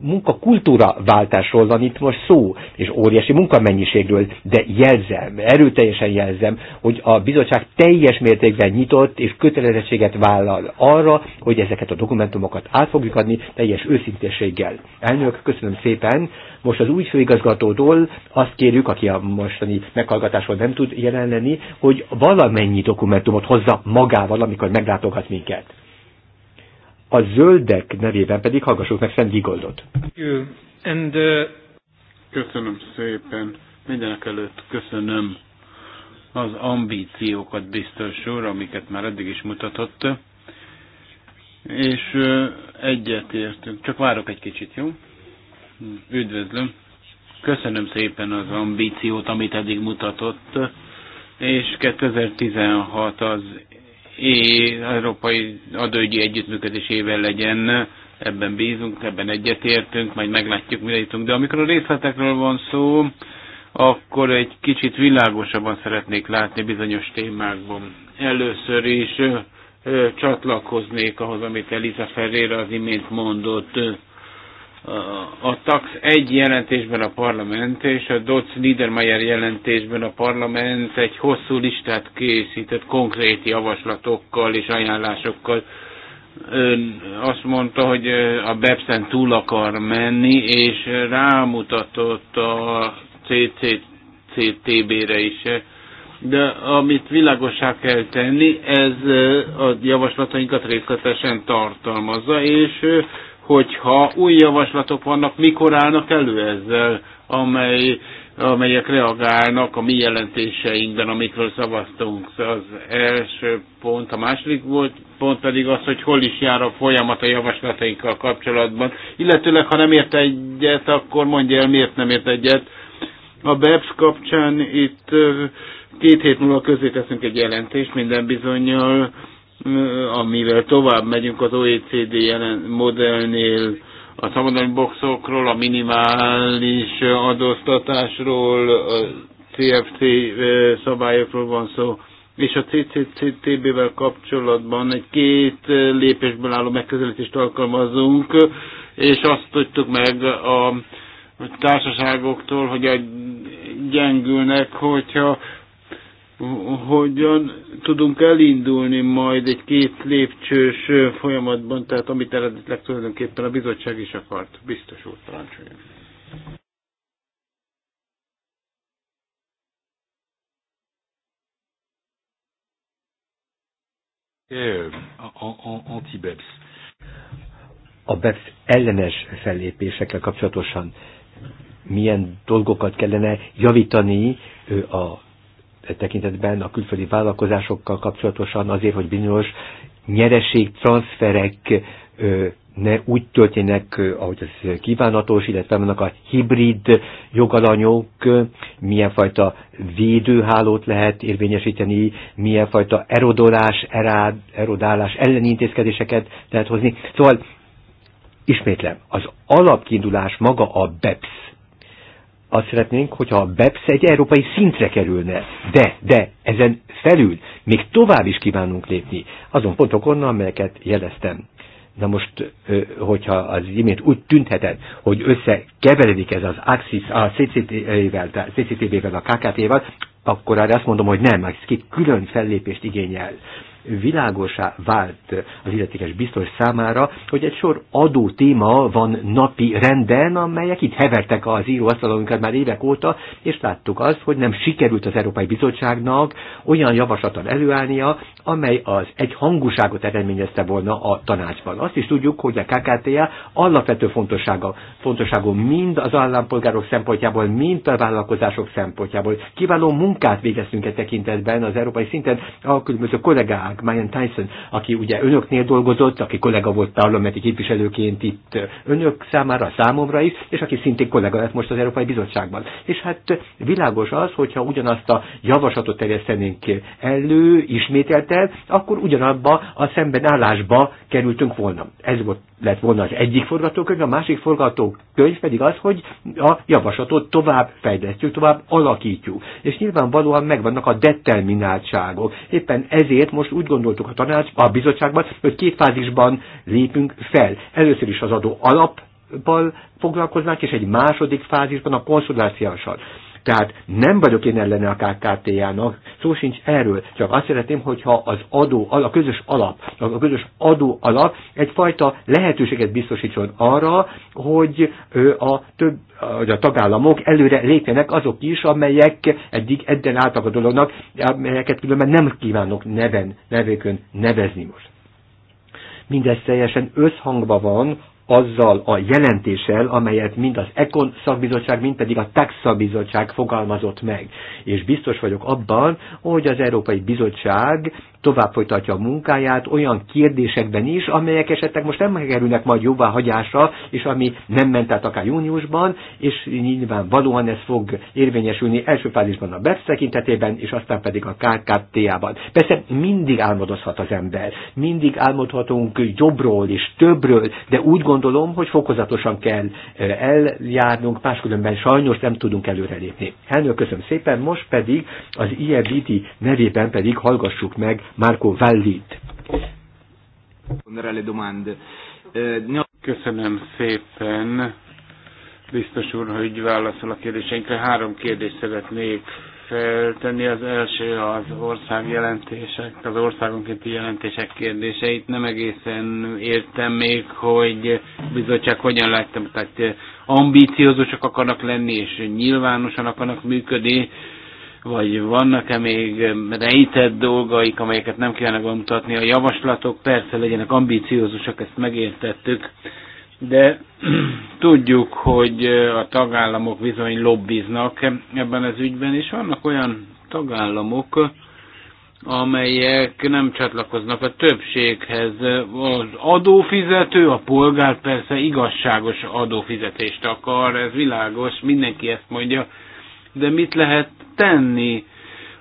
Speaker 2: munkakultúra váltásról van itt most szó, és óriási munkamennyiségről, de jelzem, erőteljesen jelzem, hogy a bizottság teljes mértékben nyitott és kötelezettséget vállal arra, hogy ezeket a dokumentumokat dokumentumokat át fogjuk adni teljes őszintességgel. Elnök, köszönöm szépen. Most az új főigazgatótól azt kérjük, aki a mostani meghallgatáson nem tud jelen lenni, hogy valamennyi dokumentumot hozza magával, amikor meglátogat minket. A zöldek nevében pedig hallgassuk meg Szent
Speaker 1: uh... Köszönöm szépen. Mindenek előtt köszönöm az ambíciókat biztos úr, amiket már eddig is mutatott és egyetértünk. Csak várok egy kicsit, jó? Üdvözlöm. Köszönöm szépen az ambíciót, amit eddig mutatott, és 2016 az é, Európai Adőgyi Együttműködés éve legyen, ebben bízunk, ebben egyetértünk, majd meglátjuk, mire jutunk. De amikor a részletekről van szó, akkor egy kicsit világosabban szeretnék látni bizonyos témákban. Először is csatlakoznék ahhoz, amit Eliza Ferreira az imént mondott. A TAX egy jelentésben a parlament és a Dodds Niedermayer jelentésben a parlament egy hosszú listát készített konkrét javaslatokkal és ajánlásokkal. Ön azt mondta, hogy a beps túl akar menni, és rámutatott a CCCTB-re is de amit világosá kell tenni, ez a javaslatainkat részletesen tartalmazza, és hogyha új javaslatok vannak, mikor állnak elő ezzel, amely, amelyek reagálnak a mi jelentéseinkben, amikről szavaztunk. Az első pont, a második volt, pont pedig az, hogy hol is jár a folyamat a javaslatainkkal kapcsolatban. Illetőleg, ha nem ért egyet, akkor mondja el, miért nem ért egyet. A BEPS kapcsán itt Két hét múlva közé teszünk egy jelentést minden bizonyal, eh, amivel tovább megyünk az OECD jelen, modellnél, a szabadalmi boxokról, a minimális adóztatásról, a CFC eh, szabályokról van szó, és a CCCTB-vel kapcsolatban egy két eh, lépésből álló megközelítést alkalmazunk, és azt tudtuk meg a társaságoktól, hogy gyengülnek, hogyha hogyan tudunk elindulni majd egy két lépcsős folyamatban, tehát amit eredetileg tulajdonképpen a bizottság is akart. Biztos úr, parancsoljon.
Speaker 2: A BEPS ellenes fellépésekkel kapcsolatosan milyen dolgokat kellene javítani a E tekintetben a külföldi vállalkozásokkal kapcsolatosan azért, hogy bizonyos nyereség, transferek ne úgy történnek, ahogy az kívánatos, illetve vannak a hibrid jogalanyok, milyen fajta védőhálót lehet érvényesíteni, milyen fajta erodolás, erád, erodálás elleni intézkedéseket lehet hozni. Szóval ismétlem, az alapkiindulás maga a BEPS, azt szeretnénk, hogyha a BEPS egy európai szintre kerülne. De, de ezen felül még tovább is kívánunk lépni azon pontokon, amelyeket jeleztem. Na most, hogyha az imént úgy tüntheted, hogy összekeveredik ez az Axis a CCTV-vel, CCTV-vel a KKT-vel, akkor arra azt mondom, hogy nem, ez két külön fellépést igényel világosá vált az illetékes biztos számára, hogy egy sor adó téma van napi renden, amelyek itt hevertek az íróasztalunkat már évek óta, és láttuk azt, hogy nem sikerült az Európai Bizottságnak olyan javaslaton előállnia, amely az egy hangúságot eredményezte volna a tanácsban. Azt is tudjuk, hogy a KKTA alapvető fontossága, fontosságú mind az állampolgárok szempontjából, mind a vállalkozások szempontjából. Kiváló munkát végeztünk e tekintetben az európai szinten a különböző kollégák kollégánk, Marian Tyson, aki ugye önöknél dolgozott, aki kollega volt parlamenti képviselőként itt önök számára, számomra is, és aki szintén kollega lett most az Európai Bizottságban. És hát világos az, hogyha ugyanazt a javaslatot terjesztenénk elő, ismételten, akkor ugyanabba a szembenállásba kerültünk volna. Ez volt, lett volna az egyik forgatókönyv, a másik forgatókönyv pedig az, hogy a javaslatot tovább fejlesztjük, tovább alakítjuk. És nyilvánvalóan megvannak a determináltságok. Éppen ezért most úgy úgy gondoltuk a tanács, a bizottságban, hogy két fázisban lépünk fel. Először is az adó alap foglalkoznánk, és egy második fázisban a konszolidációssal. Tehát nem vagyok én ellene a KKT-jának, szó sincs erről, csak azt szeretném, hogyha az adó, a közös alap, a közös adó alap egyfajta lehetőséget biztosítson arra, hogy a több hogy a tagállamok előre lépjenek azok is, amelyek eddig edden álltak a dolognak, amelyeket különben nem kívánok neven, nevékön nevezni most mindez teljesen összhangban van azzal a jelentéssel, amelyet mind az ECON szakbizottság, mind pedig a TAX szakbizottság fogalmazott meg. És biztos vagyok abban, hogy az Európai Bizottság tovább folytatja a munkáját olyan kérdésekben is, amelyek esetleg most nem kerülnek majd jóváhagyásra, és ami nem ment át akár júniusban, és nyilván valóan ez fog érvényesülni első fázisban a BEPS tekintetében, és aztán pedig a kkt ban Persze mindig álmodozhat az ember, mindig álmodhatunk jobbról és többről, de úgy gondolom, hogy fokozatosan kell eljárnunk, máskülönben sajnos nem tudunk előrelépni. Elnök, köszönöm szépen, most pedig az IEBT nevében pedig hallgassuk meg Marco Vallit.
Speaker 1: Eh, Köszönöm szépen, biztos úr, hogy válaszol a kérdéseinkre. Három kérdést szeretnék feltenni. Az első az ország jelentések, az országonkénti jelentések kérdéseit. Nem egészen értem még, hogy bizottság hogyan láttam, tehát ambíciózusok akarnak lenni, és nyilvánosan akarnak működni, vagy vannak-e még rejtett dolgaik, amelyeket nem kellene bemutatni. A javaslatok persze legyenek ambíciózusak, ezt megértettük, de tudjuk, hogy a tagállamok bizony lobbiznak ebben az ügyben, és vannak olyan tagállamok, amelyek nem csatlakoznak a többséghez. Az adófizető, a polgár persze igazságos adófizetést akar, ez világos, mindenki ezt mondja, de mit lehet tenni.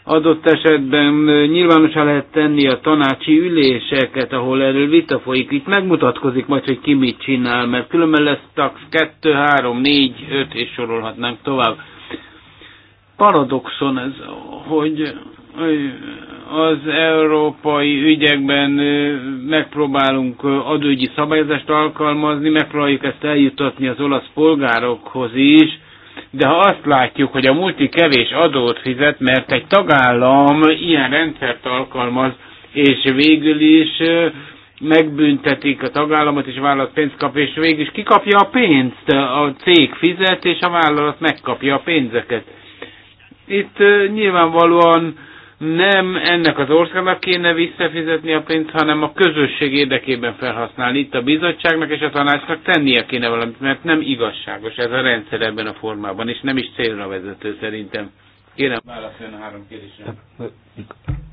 Speaker 1: Adott esetben nyilvánosá lehet tenni a tanácsi üléseket, ahol erről vita folyik. Itt megmutatkozik majd, hogy ki mit csinál, mert különben lesz tax 2, 3, 4, 5 és sorolhatnánk tovább. Paradoxon ez, hogy az európai ügyekben megpróbálunk adőgyi szabályozást alkalmazni, megpróbáljuk ezt eljutatni az olasz polgárokhoz is, de ha azt látjuk, hogy a multi kevés adót fizet, mert egy tagállam ilyen rendszert alkalmaz, és végül is megbüntetik a tagállamot, és a vállalat pénzt kap, és végül is kikapja a pénzt, a cég fizet, és a vállalat megkapja a pénzeket. Itt nyilvánvalóan nem ennek az országnak kéne visszafizetni a pénzt, hanem a közösség érdekében felhasználni. Itt a bizottságnak és a tanácsnak tennie kéne valamit, mert nem igazságos ez a rendszer ebben a formában, és nem is célra vezető szerintem. Kérem, válaszoljon a három kérdésre.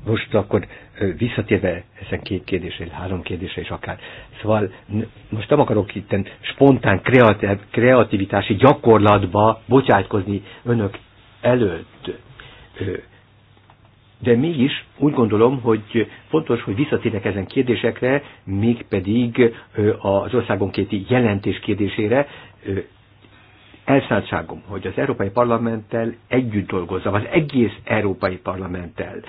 Speaker 2: Most akkor visszatérve ezen két kérdésre, három kérdésre is akár. Szóval most nem akarok itt spontán kreativ, kreativitási gyakorlatba bocsátkozni önök előtt de mégis úgy gondolom, hogy fontos, hogy visszatérnek ezen kérdésekre, mégpedig az országonkéti jelentés kérdésére, elszántságom, hogy az Európai Parlamenttel együtt dolgozzam, az egész Európai Parlamenttel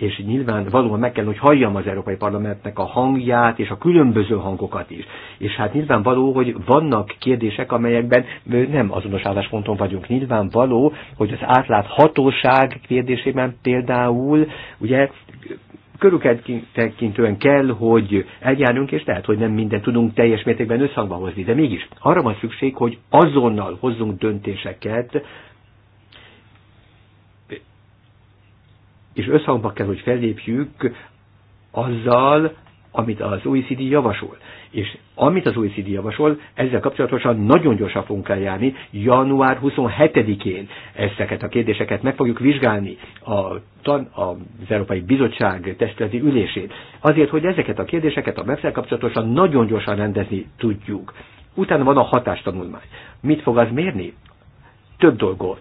Speaker 2: és nyilván valóban meg kell, hogy halljam az Európai Parlamentnek a hangját, és a különböző hangokat is. És hát nyilván való, hogy vannak kérdések, amelyekben nem azonos állásponton vagyunk. Nyilván való, hogy az átláthatóság kérdésében például, ugye körültekintően kell, hogy eljárjunk, és lehet, hogy nem mindent tudunk teljes mértékben összhangba hozni, de mégis arra van szükség, hogy azonnal hozzunk döntéseket, és összhangba kell, hogy fellépjük azzal, amit az OECD javasol. És amit az OECD javasol, ezzel kapcsolatosan nagyon gyorsan fogunk eljárni. Január 27-én ezeket a kérdéseket meg fogjuk vizsgálni a tan, az Európai Bizottság testületi ülését. Azért, hogy ezeket a kérdéseket a megszer kapcsolatosan nagyon gyorsan rendezni tudjuk. Utána van a hatástanulmány. Mit fog az mérni? Több dolgot.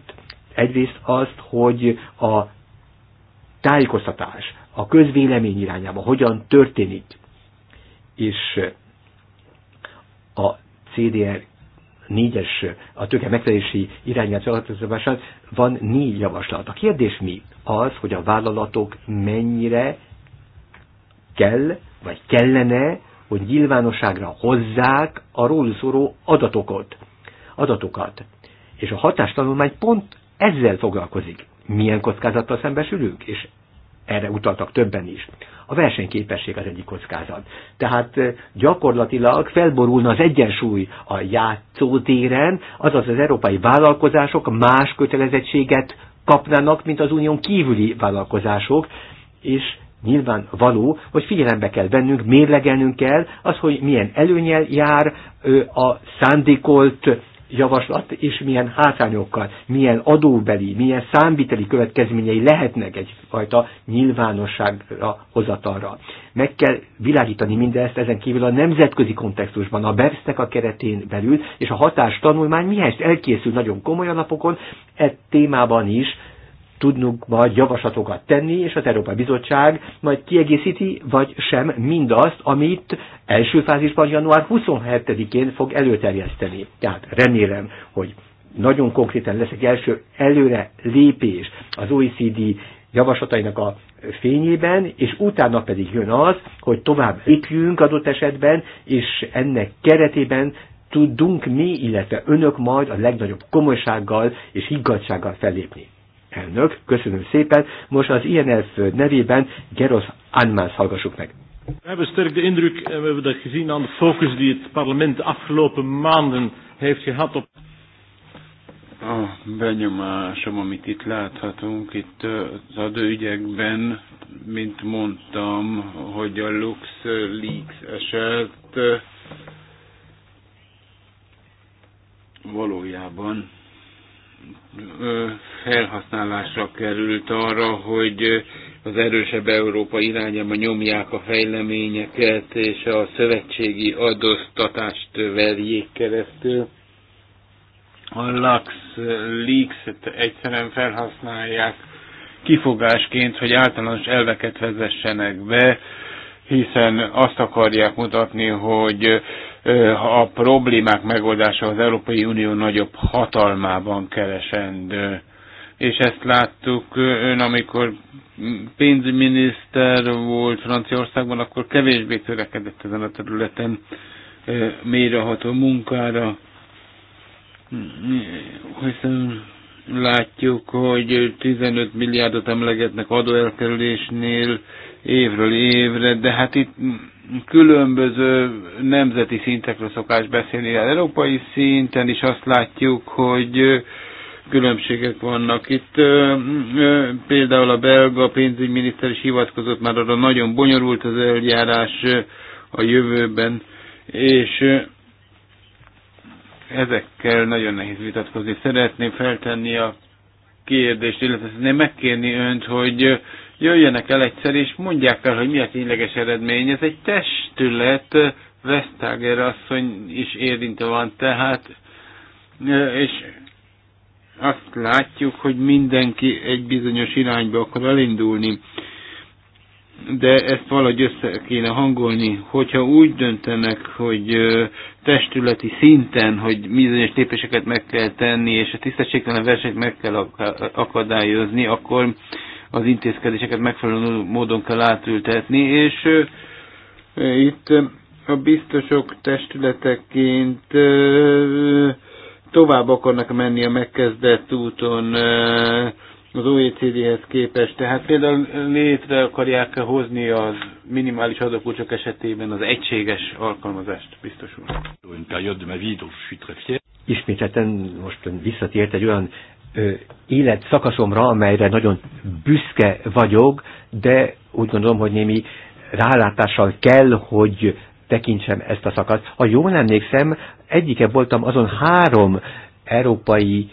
Speaker 2: Egyrészt azt, hogy a tájékoztatás a közvélemény irányába hogyan történik. És eh, a CDR 4-es, a tőke megfelelési irányelv alkalmazásán van négy javaslat. A kérdés mi? Az, hogy a vállalatok mennyire kell, vagy kellene, hogy nyilvánosságra hozzák a róluk szóró adatokat. adatokat. És a hatástanulmány pont ezzel foglalkozik milyen kockázattal szembesülünk, és erre utaltak többen is. A versenyképesség az egyik kockázat. Tehát gyakorlatilag felborulna az egyensúly a játszótéren, azaz az európai vállalkozások más kötelezettséget kapnának, mint az unión kívüli vállalkozások, és nyilván való, hogy figyelembe kell vennünk, mérlegelnünk kell az, hogy milyen előnyel jár a szándékolt javaslat, és milyen hátrányokkal, milyen adóbeli, milyen számviteli következményei lehetnek egyfajta nyilvánosságra, hozatalra. Meg kell világítani mindezt ezen kívül a nemzetközi kontextusban, a beps a keretén belül, és a hatás tanulmány mihez elkészül nagyon komoly napokon e témában is tudnunk majd javaslatokat tenni, és az Európai Bizottság majd kiegészíti, vagy sem mindazt, amit első fázisban január 27-én fog előterjeszteni. Tehát remélem, hogy nagyon konkrétan lesz egy első előre lépés az OECD javaslatainak a fényében, és utána pedig jön az, hogy tovább lépjünk adott esetben, és ennek keretében tudunk mi, illetve önök majd a legnagyobb komolysággal és higgadsággal fellépni. Elnök, köszönöm szépen. Most az INF nevében Geros Anmász hallgassuk meg.
Speaker 1: We hebben sterk de indruk, en we hebben dat gezien aan de focus die het parlement de afgelopen maanden heeft gehad op. A benyomásom, amit itt láthatunk, itt az adőügyekben, mint mondtam, hogy a LuxLeaks eset valójában felhasználásra került arra, hogy az erősebb Európa irányába nyomják a fejleményeket, és a szövetségi adóztatást verjék keresztül. A Lux Leaks-et egyszerűen felhasználják kifogásként, hogy általános elveket vezessenek be, hiszen azt akarják mutatni, hogy a problémák megoldása az Európai Unió nagyobb hatalmában keresendő. És ezt láttuk ön, amikor pénzminiszter volt Franciaországban, akkor kevésbé törekedett ezen a területen mélyreható munkára. Hiszen látjuk, hogy 15 milliárdot emlegetnek adóelkerülésnél, évről évre, de hát itt különböző nemzeti szintekről szokás beszélni. Európai szinten is azt látjuk, hogy különbségek vannak. Itt ö, ö, például a belga pénzügyminiszter is hivatkozott már arra, nagyon bonyolult az eljárás a jövőben, és ezekkel nagyon nehéz vitatkozni. Szeretném feltenni a kérdést, illetve szeretném megkérni önt, hogy jöjjenek el egyszer, és mondják el, hogy mi a tényleges eredmény. Ez egy testület, Vestager asszony is érintve van, tehát, és azt látjuk, hogy mindenki egy bizonyos irányba akar elindulni. De ezt valahogy össze kéne hangolni, hogyha úgy döntenek, hogy testületi szinten, hogy bizonyos lépéseket meg kell tenni, és a tisztességtelen versenyt meg kell akadályozni, akkor az intézkedéseket megfelelő módon kell átültetni, és itt a biztosok testületeként tovább akarnak menni a megkezdett úton az OECD-hez képest. Tehát például létre akarják -e hozni az minimális adókulcsok esetében az egységes alkalmazást, biztos úr.
Speaker 2: Ismételten most visszatért egy olyan életszakaszomra, amelyre nagyon büszke vagyok, de úgy gondolom, hogy némi rálátással kell, hogy tekintsem ezt a szakaszt. Ha jól emlékszem, egyike voltam azon három európai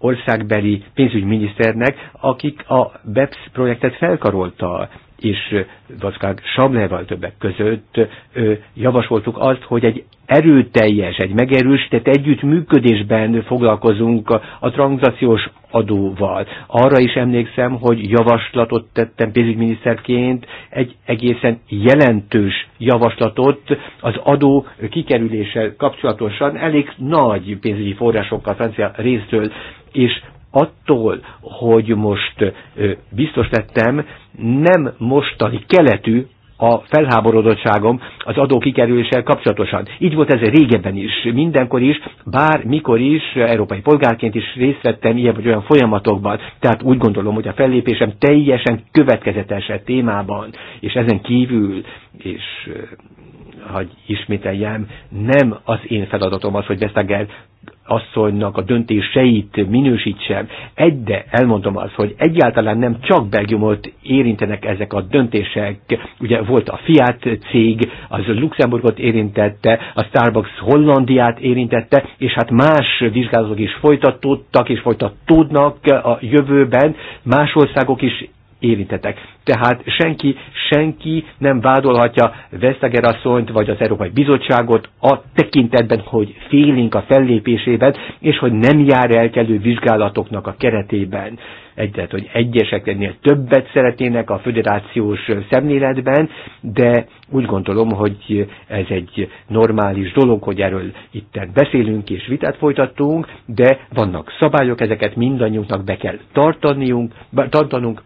Speaker 2: országbeli pénzügyminiszternek, akik a BEPS projektet felkarolta és Vackág Sableval többek között javasoltuk azt, hogy egy erőteljes, egy megerősített együttműködésben foglalkozunk a tranzakciós adóval. Arra is emlékszem, hogy javaslatot tettem pénzügyminiszterként, egy egészen jelentős javaslatot az adó kikerüléssel kapcsolatosan elég nagy pénzügyi forrásokkal francia részről, és attól, hogy most biztos lettem, nem mostani keletű a felháborodottságom az adó kikerüléssel kapcsolatosan. Így volt ez régebben is, mindenkor is, bár mikor is, európai polgárként is részt vettem ilyen vagy olyan folyamatokban. Tehát úgy gondolom, hogy a fellépésem teljesen következetes e témában, és ezen kívül, és hogy ismételjem, nem az én feladatom az, hogy Vesztager asszonynak a döntéseit minősítsem. Egy, de elmondom az hogy egyáltalán nem csak Belgiumot érintenek ezek a döntések. Ugye volt a Fiat cég, az Luxemburgot érintette, a Starbucks Hollandiát érintette, és hát más vizsgálatok is folytatódtak és folytatódnak a jövőben. Más országok is érintettek. Tehát senki, senki nem vádolhatja Vesztager asszonyt, vagy az Európai Bizottságot a tekintetben, hogy félénk a fellépésében, és hogy nem jár elkelő vizsgálatoknak a keretében. Egyet, hogy egyesek ennél többet szeretnének a föderációs szemléletben, de úgy gondolom, hogy ez egy normális dolog, hogy erről itt beszélünk és vitát folytattunk, de vannak szabályok, ezeket mindannyiunknak be kell tartaniunk, tartanunk,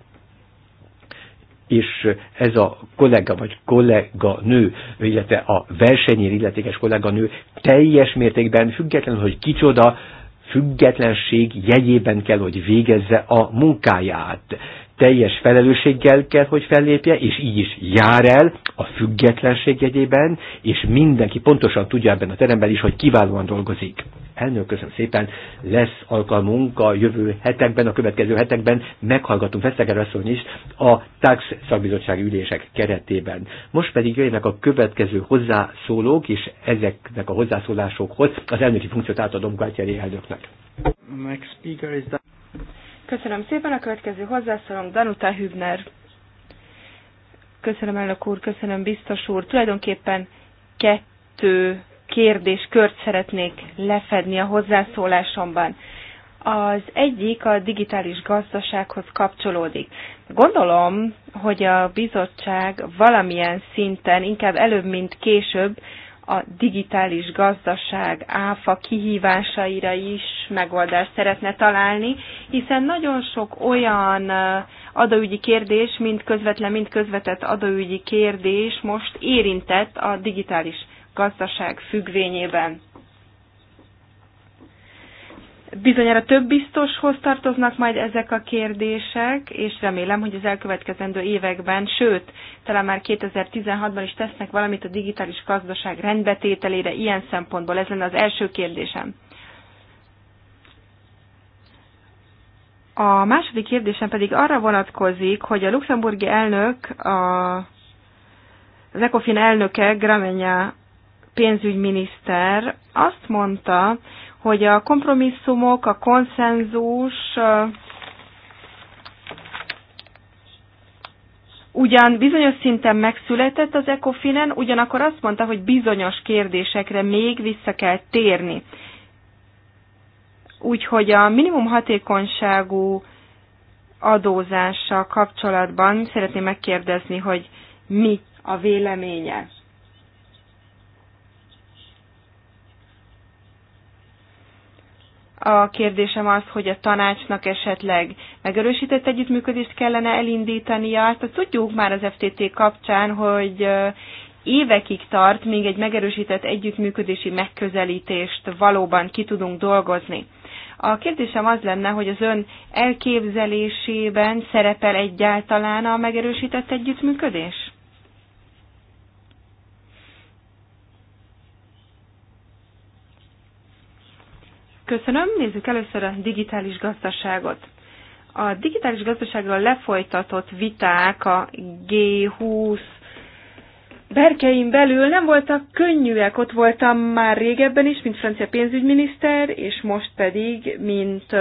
Speaker 2: és ez a kollega vagy kollega nő, illetve a versenyér illetékes kollega nő teljes mértékben, függetlenül, hogy kicsoda, függetlenség jegyében kell, hogy végezze a munkáját teljes felelősséggel kell, hogy fellépje, és így is jár el a függetlenség jegyében, és mindenki pontosan tudja ebben a teremben is, hogy kiválóan dolgozik. Elnök, köszönöm szépen, lesz alkalmunk a jövő hetekben, a következő hetekben, meghallgatunk Veszteger asszony is a TAX szakbizottsági ülések keretében. Most pedig jöjjenek a következő hozzászólók, és ezeknek a hozzászólásokhoz az elnöki funkciót átadom Gátyeri elnöknek.
Speaker 3: Next speaker is that... Köszönöm szépen, a következő hozzászólom Danuta Hübner. Köszönöm elnök úr, köszönöm biztos úr. Tulajdonképpen kettő kérdéskört szeretnék lefedni a hozzászólásomban. Az egyik a digitális gazdasághoz kapcsolódik. Gondolom, hogy a bizottság valamilyen szinten, inkább előbb, mint később a digitális gazdaság áfa kihívásaira is megoldást szeretne találni, hiszen nagyon sok olyan adóügyi kérdés, mind közvetlen, mind közvetett adóügyi kérdés most érintett a digitális gazdaság függvényében. Bizonyára több biztoshoz tartoznak majd ezek a kérdések, és remélem, hogy az elkövetkezendő években, sőt, talán már 2016-ban is tesznek valamit a digitális gazdaság rendbetételére ilyen szempontból. Ez lenne az első kérdésem. A második kérdésem pedig arra vonatkozik, hogy a luxemburgi elnök, a, az ECOFIN elnöke, Gramenya pénzügyminiszter azt mondta, hogy a kompromisszumok, a konszenzus ugyan bizonyos szinten megszületett az ECOFIN-en, ugyanakkor azt mondta, hogy bizonyos kérdésekre még vissza kell térni. Úgyhogy a minimum hatékonyságú adózással kapcsolatban szeretném megkérdezni, hogy mi a véleménye. A kérdésem az, hogy a tanácsnak esetleg megerősített együttműködést kellene elindítania. Azt tudjuk már az FTT kapcsán, hogy évekig tart, míg egy megerősített együttműködési megközelítést valóban ki tudunk dolgozni. A kérdésem az lenne, hogy az ön elképzelésében szerepel egyáltalán a megerősített együttműködés? Köszönöm. Nézzük először a digitális gazdaságot. A digitális gazdaságról lefolytatott viták a G20 berkein belül nem voltak könnyűek. Ott voltam már régebben is, mint francia pénzügyminiszter, és most pedig, mint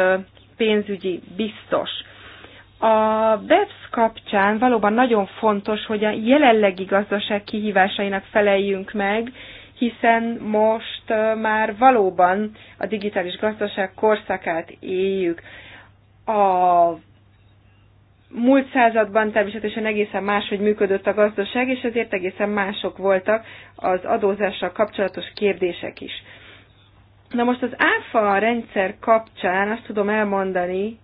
Speaker 3: pénzügyi biztos. A BEPS kapcsán valóban nagyon fontos, hogy a jelenlegi gazdaság kihívásainak feleljünk meg, hiszen most már valóban a digitális gazdaság korszakát éljük. A múlt században természetesen egészen máshogy működött a gazdaság, és ezért egészen mások voltak az adózással kapcsolatos kérdések is. Na most az ÁFA rendszer kapcsán azt tudom elmondani,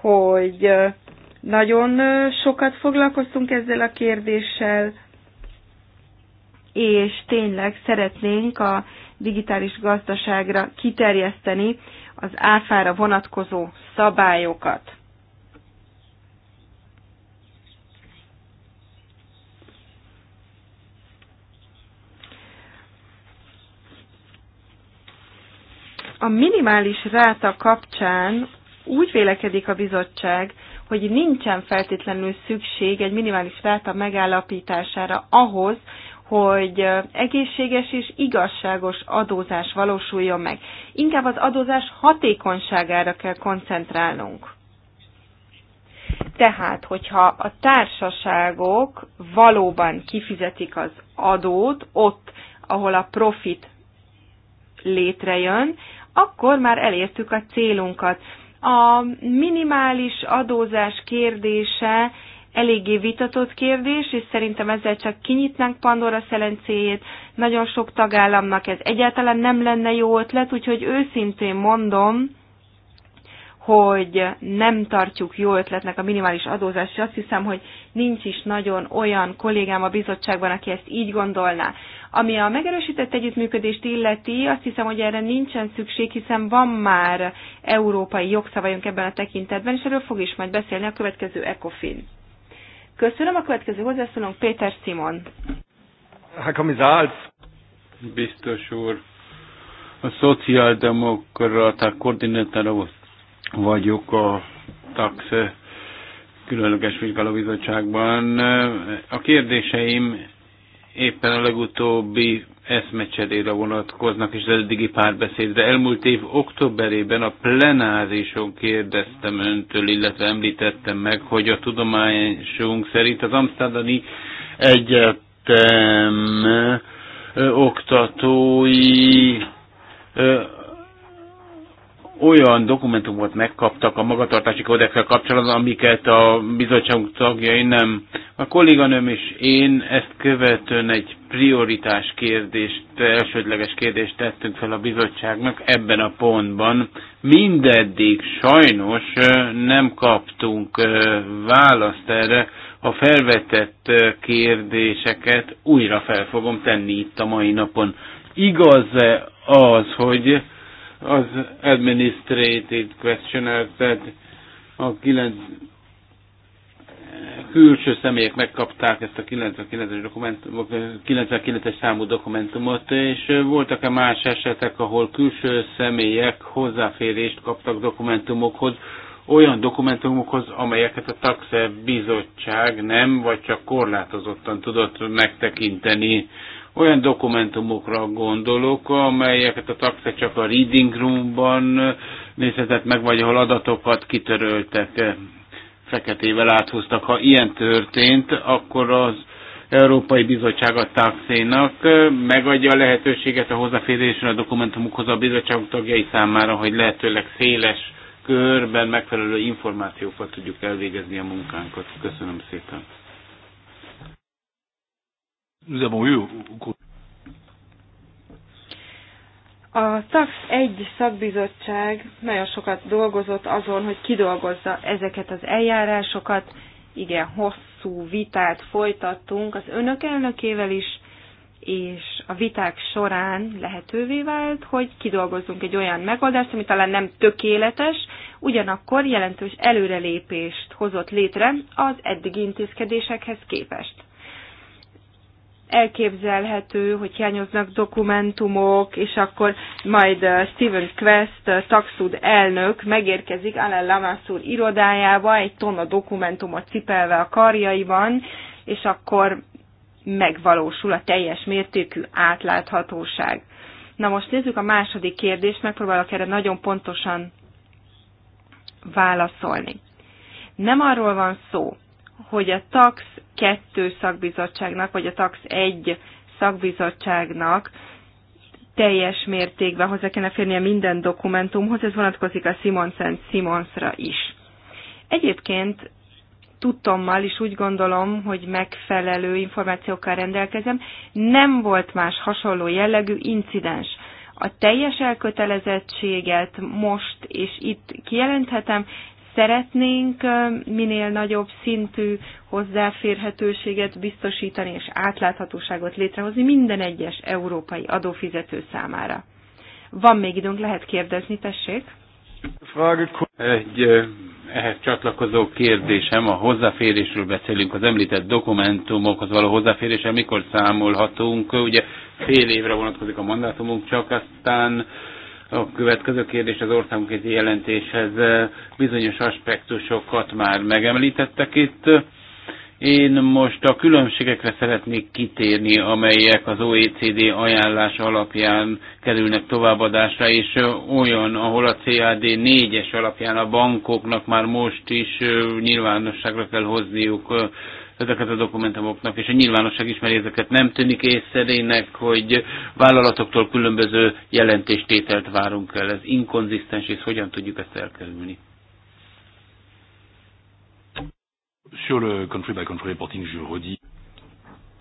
Speaker 3: hogy nagyon sokat foglalkoztunk ezzel a kérdéssel, és tényleg szeretnénk a digitális gazdaságra kiterjeszteni az áfára vonatkozó szabályokat. A minimális ráta kapcsán úgy vélekedik a bizottság, hogy nincsen feltétlenül szükség egy minimális ráta megállapítására ahhoz, hogy egészséges és igazságos adózás valósuljon meg. Inkább az adózás hatékonyságára kell koncentrálnunk. Tehát, hogyha a társaságok valóban kifizetik az adót ott, ahol a profit létrejön, akkor már elértük a célunkat. A minimális adózás kérdése eléggé vitatott kérdés, és szerintem ezzel csak kinyitnánk Pandora szelencéjét. Nagyon sok tagállamnak ez egyáltalán nem lenne jó ötlet, úgyhogy őszintén mondom, hogy nem tartjuk jó ötletnek a minimális adózás, és azt hiszem, hogy nincs is nagyon olyan kollégám a bizottságban, aki ezt így gondolná. Ami a megerősített együttműködést illeti, azt hiszem, hogy erre nincsen szükség, hiszen van már európai jogszabályunk ebben a tekintetben, és erről fog is majd beszélni a következő ECOFIN. Köszönöm, a következő hozzászólónk Péter Simon.
Speaker 1: Herr Kommissar, biztos úr, a szociáldemokrata koordinátora vagyok a TAX különleges vizsgálóbizottságban. A kérdéseim éppen a legutóbbi eszmecserére vonatkoznak, és az eddigi párbeszédre. Elmúlt év októberében a plenárison kérdeztem öntől, illetve említettem meg, hogy a tudományosunk szerint az Amsterdami Egyetem oktatói olyan dokumentumot megkaptak a magatartási kódexel kapcsolatban, amiket a bizottság tagjai nem. A kolléganőm és én ezt követően egy prioritás kérdést, elsődleges kérdést tettünk fel a bizottságnak ebben a pontban. Mindeddig sajnos nem kaptunk választ erre, a felvetett kérdéseket újra fel fogom tenni itt a mai napon. Igaz -e az, hogy az administrative questionnaire, tehát a kilenc, külső személyek megkapták ezt a 99-es, dokumentum, 99-es számú dokumentumot, és voltak-e más esetek, ahol külső személyek hozzáférést kaptak dokumentumokhoz, olyan dokumentumokhoz, amelyeket a taxe bizottság nem, vagy csak korlátozottan tudott megtekinteni. Olyan dokumentumokra gondolok, amelyeket a taxa csak a reading roomban nézhetett meg, vagy ahol adatokat kitöröltek, feketével áthúztak. Ha ilyen történt, akkor az Európai Bizottság a taxénak megadja a lehetőséget a hozzáférésre a dokumentumokhoz a bizottságok tagjai számára, hogy lehetőleg széles körben megfelelő információkat tudjuk elvégezni a munkánkat. Köszönöm szépen. Nous avons
Speaker 3: eu a TAX egy szakbizottság nagyon sokat dolgozott azon, hogy kidolgozza ezeket az eljárásokat. Igen, hosszú vitát folytattunk az önök elnökével is, és a viták során lehetővé vált, hogy kidolgozzunk egy olyan megoldást, ami talán nem tökéletes, ugyanakkor jelentős előrelépést hozott létre az eddigi intézkedésekhez képest elképzelhető, hogy hiányoznak dokumentumok, és akkor majd uh, Steven Quest, uh, taxud elnök megérkezik Alain Lamassur irodájába, egy tonna dokumentumot cipelve a karjaiban, és akkor megvalósul a teljes mértékű átláthatóság. Na most nézzük a második kérdést, megpróbálok erre nagyon pontosan válaszolni. Nem arról van szó, hogy a TAX 2 szakbizottságnak, vagy a TAX 1 szakbizottságnak teljes mértékben hozzá férni férnie minden dokumentumhoz, ez vonatkozik a Simons Simonsra is. Egyébként tudtommal is úgy gondolom, hogy megfelelő információkkal rendelkezem, nem volt más hasonló jellegű incidens. A teljes elkötelezettséget most és itt kijelenthetem, Szeretnénk minél nagyobb szintű hozzáférhetőséget biztosítani és átláthatóságot létrehozni minden egyes európai adófizető számára. Van még időnk, lehet kérdezni, tessék?
Speaker 1: Egy ehhez csatlakozó kérdésem, a hozzáférésről beszélünk, az említett dokumentumokhoz való hozzáférésre mikor számolhatunk, ugye fél évre vonatkozik a mandátumunk, csak aztán a következő kérdés az országkézi jelentéshez eh, bizonyos aspektusokat már megemlítettek itt. Én most a különbségekre szeretnék kitérni, amelyek az OECD ajánlás alapján kerülnek továbbadásra, és eh, olyan, ahol a CAD 4-es alapján a bankoknak már most is eh, nyilvánosságra kell hozniuk ezeket a dokumentumoknak, és a nyilvánosság ismeri ezeket. Nem tűnik észszerének, hogy vállalatoktól különböző jelentéstételt várunk el. Ez inkonzisztens, és hogyan tudjuk ezt elkerülni? Sur le country by country reporting, je redis.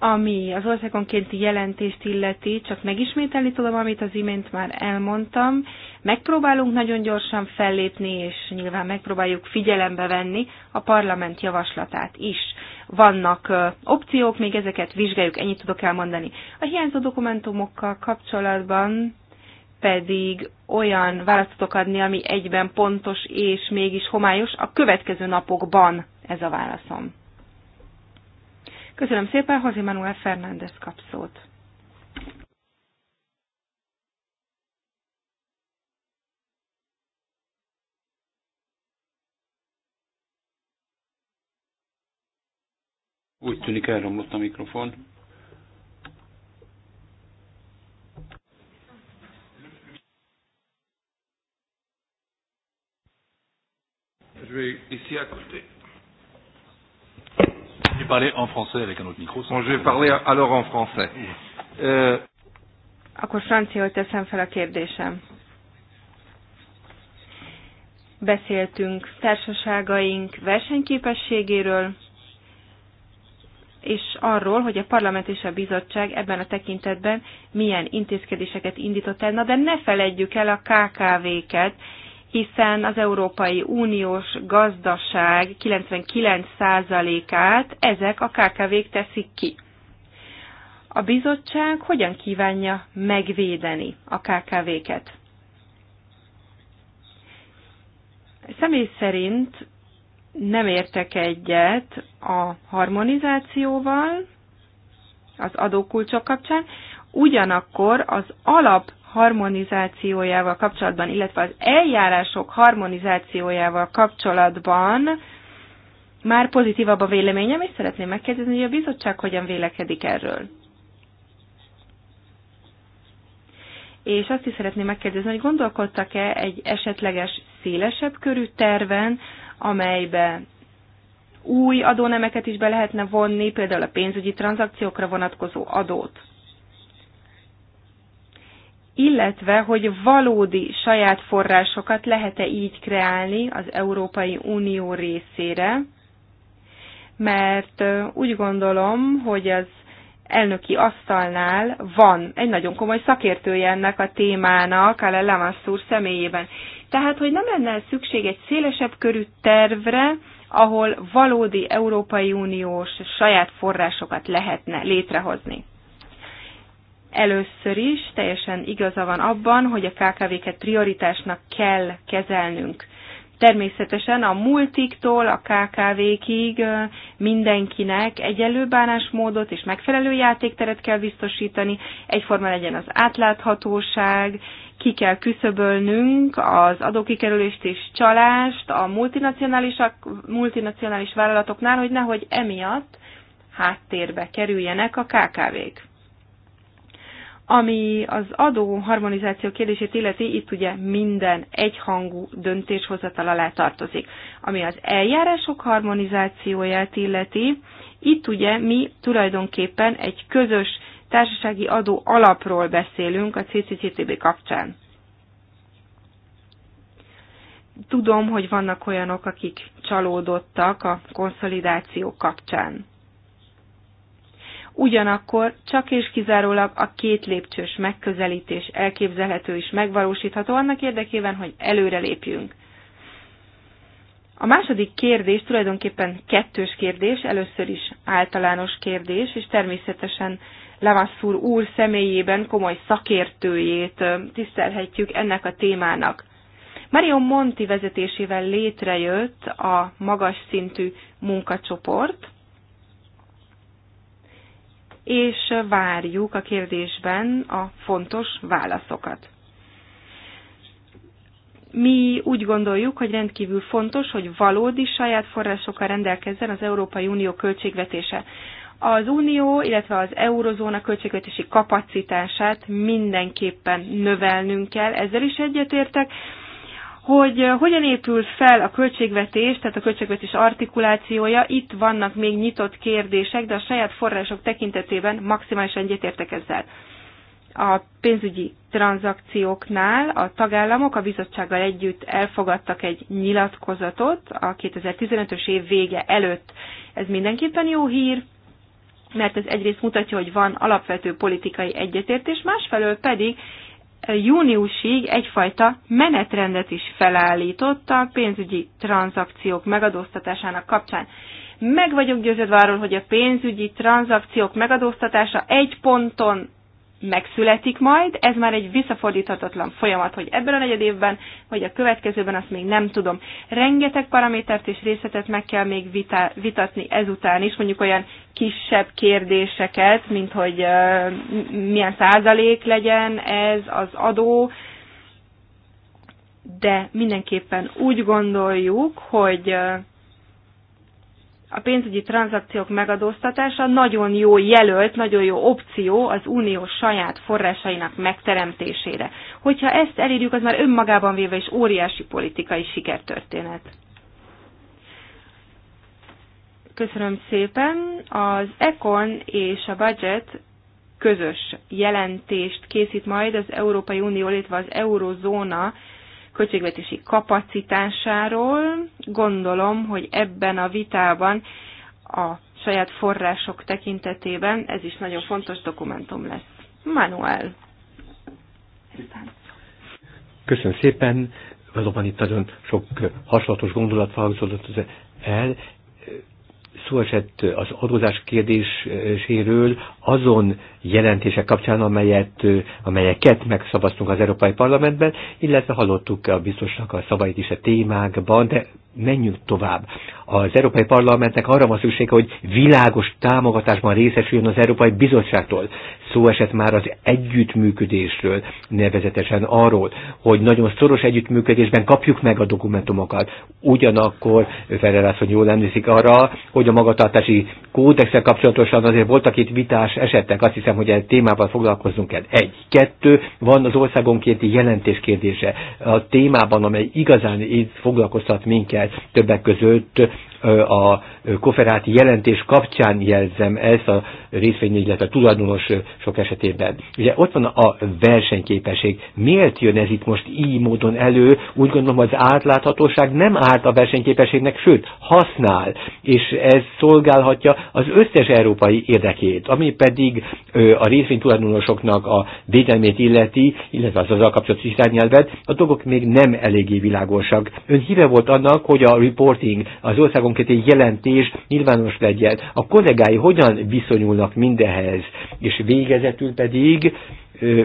Speaker 3: Ami az országonkénti jelentést illeti, csak megismételni tudom, amit az imént már elmondtam. Megpróbálunk nagyon gyorsan fellépni, és nyilván megpróbáljuk figyelembe venni a parlament javaslatát is. Vannak opciók, még ezeket vizsgáljuk, ennyit tudok elmondani. A hiányzó dokumentumokkal kapcsolatban pedig olyan választ adni, ami egyben pontos és mégis homályos. A következő napokban ez a válaszom. Köszönöm szépen, José Manuel Fernández kap szót.
Speaker 1: Úgy tűnik elromlott a mikrofon.
Speaker 3: Je vais ici à côté. Je vais parler en français avec un autre micro. Bon, je vais parler alors en français. Euh... Akkor franciaul teszem fel a kérdésem. Beszéltünk társaságaink versenyképességéről, és arról, hogy a parlament és a bizottság ebben a tekintetben milyen intézkedéseket indított el. Na de ne feledjük el a KKV-ket, hiszen az Európai Uniós gazdaság 99%-át ezek a KKV-k teszik ki. A bizottság hogyan kívánja megvédeni a KKV-ket? Személy szerint nem értek egyet a harmonizációval, az adókulcsok kapcsán, ugyanakkor az alap harmonizációjával kapcsolatban, illetve az eljárások harmonizációjával kapcsolatban már pozitívabb a véleményem, és szeretném megkérdezni, hogy a bizottság hogyan vélekedik erről. És azt is szeretném megkérdezni, hogy gondolkodtak-e egy esetleges szélesebb körű terven, amelybe új adónemeket is be lehetne vonni, például a pénzügyi tranzakciókra vonatkozó adót illetve hogy valódi saját forrásokat lehet-e így kreálni az Európai Unió részére, mert úgy gondolom, hogy az elnöki asztalnál van egy nagyon komoly szakértője ennek a témának, Ale Lamassur személyében. Tehát, hogy nem lenne szükség egy szélesebb körű tervre, ahol valódi Európai Uniós saját forrásokat lehetne létrehozni. Először is teljesen igaza van abban, hogy a KKV-ket prioritásnak kell kezelnünk. Természetesen a multiktól a KKV-kig mindenkinek egyenlő bánásmódot és megfelelő játékteret kell biztosítani, egyforma legyen az átláthatóság, ki kell küszöbölnünk az adókikerülést és csalást a multinacionális vállalatoknál, hogy nehogy emiatt háttérbe kerüljenek a KKV-k. Ami az adó harmonizáció kérdését illeti, itt ugye minden egyhangú döntéshozatal alá tartozik. Ami az eljárások harmonizációját illeti, itt ugye mi tulajdonképpen egy közös társasági adó alapról beszélünk a CCCTB kapcsán. Tudom, hogy vannak olyanok, akik csalódottak a konszolidáció kapcsán. Ugyanakkor csak és kizárólag a két lépcsős megközelítés elképzelhető és megvalósítható annak érdekében, hogy előre lépjünk. A második kérdés tulajdonképpen kettős kérdés, először is általános kérdés, és természetesen Lavasszúr úr személyében komoly szakértőjét tisztelhetjük ennek a témának. Mario Monti vezetésével létrejött a magas szintű munkacsoport, és várjuk a kérdésben a fontos válaszokat. Mi úgy gondoljuk, hogy rendkívül fontos, hogy valódi saját forrásokkal rendelkezzen az Európai Unió költségvetése. Az Unió, illetve az eurozóna költségvetési kapacitását mindenképpen növelnünk kell, ezzel is egyetértek, hogy eh, hogyan épül fel a költségvetés, tehát a költségvetés artikulációja, itt vannak még nyitott kérdések, de a saját források tekintetében maximálisan egyetértek ezzel. A pénzügyi tranzakcióknál a tagállamok a bizottsággal együtt elfogadtak egy nyilatkozatot a 2015-ös év vége előtt. Ez mindenképpen jó hír, mert ez egyrészt mutatja, hogy van alapvető politikai egyetértés, másfelől pedig júniusig egyfajta menetrendet is felállított a pénzügyi tranzakciók megadóztatásának kapcsán. Meg vagyok győződve arról, hogy a pénzügyi tranzakciók megadóztatása egy ponton megszületik majd. Ez már egy visszafordíthatatlan folyamat, hogy ebben a negyed évben, vagy a következőben, azt még nem tudom. Rengeteg paramétert és részletet meg kell még vita, vitatni ezután is, mondjuk olyan kisebb kérdéseket, mint hogy uh, milyen százalék legyen ez az adó, de mindenképpen úgy gondoljuk, hogy uh, a pénzügyi tranzakciók megadóztatása nagyon jó jelölt, nagyon jó opció az unió saját forrásainak megteremtésére. Hogyha ezt elérjük, az már önmagában véve is óriási politikai sikertörténet. Köszönöm szépen. Az ECON és a budget közös jelentést készít majd az Európai Unió, illetve az Eurozóna költségvetési kapacitásáról. Gondolom, hogy ebben a vitában a saját források tekintetében ez is nagyon fontos dokumentum lesz. Manuel.
Speaker 2: Köszönöm szépen. Valóban itt nagyon sok hasonlatos gondolat hangzott el, szó esett az adózás kérdéséről azon jelentések kapcsán, amelyet, amelyeket megszavaztunk az Európai Parlamentben, illetve hallottuk a biztosnak a szavait is a témákban, de menjünk tovább. Az Európai Parlamentnek arra van szüksége, hogy világos támogatásban részesüljön az Európai Bizottságtól. Szó esett már az együttműködésről, nevezetesen arról, hogy nagyon szoros együttműködésben kapjuk meg a dokumentumokat. Ugyanakkor Ferrer jól emlékszik arra, hogy a magatartási kódexel kapcsolatosan azért voltak itt vitás esetek, azt hiszem, hogy egy témával foglalkozzunk el. Egy, kettő, van az országonkénti jelentés kérdése a témában, amely igazán így foglalkoztat minket többek között a koferáti jelentés kapcsán jelzem ezt a részvény, illetve a tulajdonos sok esetében. Ugye ott van a versenyképesség. Miért jön ez itt most így módon elő? Úgy gondolom, az átláthatóság nem árt a versenyképességnek, sőt, használ, és ez szolgálhatja az összes európai érdekét, ami pedig a részvény tulajdonosoknak a védelmét illeti, illetve az azzal kapcsolatos irányelvet, a dolgok még nem eléggé világosak. Ön híve volt annak, hogy a reporting az országon konkrét jelentés nyilvános legyen. A kollégái hogyan viszonyulnak mindehez? És végezetül pedig ö,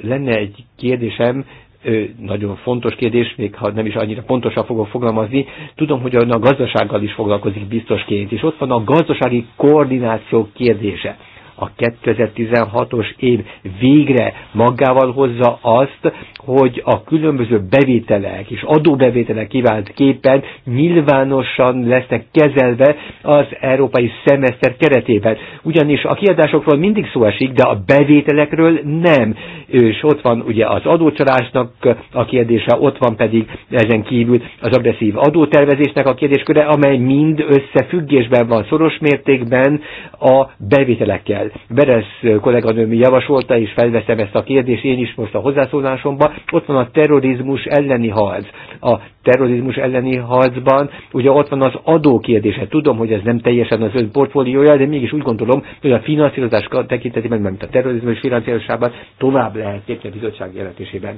Speaker 2: lenne egy kérdésem, ö, nagyon fontos kérdés, még ha nem is annyira pontosan fogok fogalmazni, tudom, hogy a gazdasággal is foglalkozik biztosként, és ott van a gazdasági koordináció kérdése a 2016-os év végre magával hozza azt, hogy a különböző bevételek és adóbevételek kívánt képen nyilvánosan lesznek kezelve az európai szemeszter keretében. Ugyanis a kiadásokról mindig szó esik, de a bevételekről nem. És ott van ugye az adócsalásnak a kérdése, ott van pedig ezen kívül az agresszív adótervezésnek a kérdésköre, amely mind összefüggésben van szoros mértékben a bevételekkel. Beres kolléganőmi javasolta, és felveszem ezt a kérdést én is most a hozzászólásomban. Ott van a terrorizmus elleni harc. A terrorizmus elleni harcban ugye ott van az adó kérdése Tudom, hogy ez nem teljesen az ön portfóliója, de mégis úgy gondolom, hogy a finanszírozás tekintetében, mert a terrorizmus finanszírozásában tovább lehet lépni a bizottság jelentésében.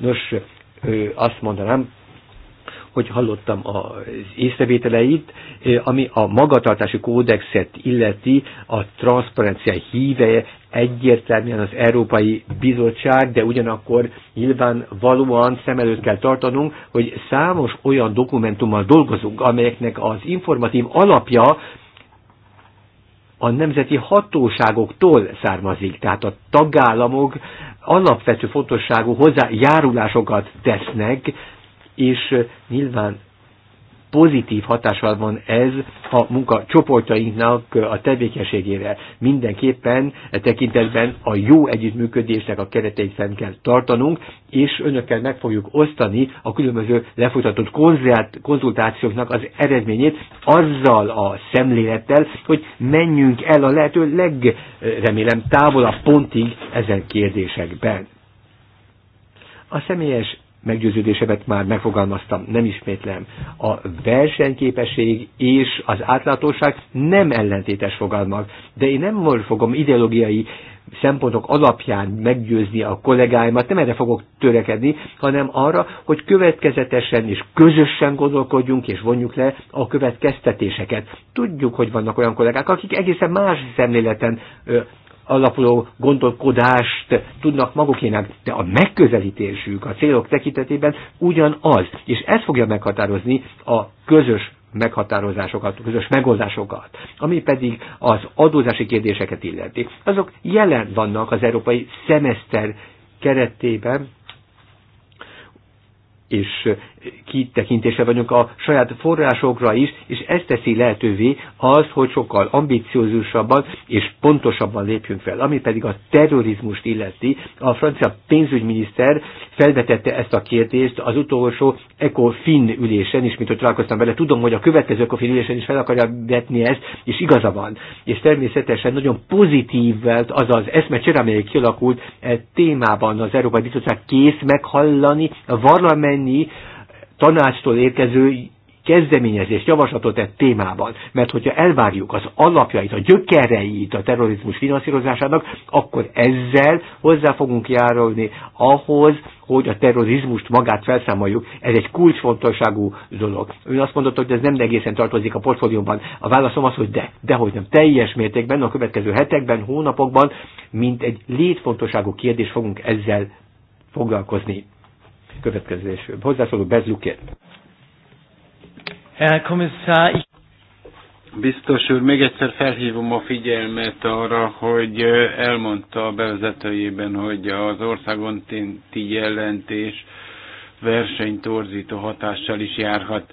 Speaker 2: Nos, azt mondanám, hogy hallottam az észrevételeit, ami a magatartási kódexet illeti, a transzparencia híveje egyértelműen az Európai Bizottság, de ugyanakkor nyilván valóan szem előtt kell tartanunk, hogy számos olyan dokumentummal dolgozunk, amelyeknek az informatív alapja a nemzeti hatóságoktól származik, tehát a tagállamok alapvető fontosságú hozzájárulásokat tesznek és nyilván pozitív hatással van ez a munka csoportainknak a tevékenységére. Mindenképpen e tekintetben a jó együttműködésnek a kereteit fenn kell tartanunk, és önökkel meg fogjuk osztani a különböző lefolytatott konzultációknak az eredményét azzal a szemlélettel, hogy menjünk el a lehető legremélem távolabb pontig ezen kérdésekben. A személyes meggyőződésemet már megfogalmaztam, nem ismétlem. A versenyképesség és az átlátóság nem ellentétes fogalmak, de én nem most fogom ideológiai szempontok alapján meggyőzni a kollégáimat, nem erre fogok törekedni, hanem arra, hogy következetesen és közösen gondolkodjunk és vonjuk le a következtetéseket. Tudjuk, hogy vannak olyan kollégák, akik egészen más szemléleten alapuló gondolkodást tudnak magukének, de a megközelítésük a célok tekintetében ugyanaz, és ez fogja meghatározni a közös meghatározásokat, közös megoldásokat, ami pedig az adózási kérdéseket illeti. Azok jelen vannak az európai szemeszter keretében, és kitekintése vagyunk a saját forrásokra is, és ez teszi lehetővé az, hogy sokkal ambiciózusabban és pontosabban lépjünk fel. Ami pedig a terrorizmust illeti, a francia pénzügyminiszter felvetette ezt a kérdést az utolsó ECOFIN ülésen is, mint hogy találkoztam vele. Tudom, hogy a következő ECOFIN ülésen is fel akarja vetni ezt, és igaza van. És természetesen nagyon pozitív volt az az eszmecsere, amely kialakult e témában az Európai Bizottság kész meghallani, varlamenni, tanácstól érkező kezdeményezést, javaslatot tett témában. Mert hogyha elvárjuk az alapjait, a gyökereit a terrorizmus finanszírozásának, akkor ezzel hozzá fogunk járulni ahhoz, hogy a terrorizmust magát felszámoljuk. Ez egy kulcsfontosságú dolog. Ön azt mondotta, hogy ez nem egészen tartozik a portfólióban. A válaszom az, hogy de, de hogy nem. Teljes mértékben a következő hetekben, hónapokban, mint egy létfontosságú kérdés fogunk ezzel foglalkozni következő hozzászóló Bezlukért.
Speaker 1: Herr Kommissar, Biztos úr, még egyszer felhívom a figyelmet arra, hogy elmondta a bevezetőjében, hogy az országon tinti jelentés versenytorzító hatással is járhat.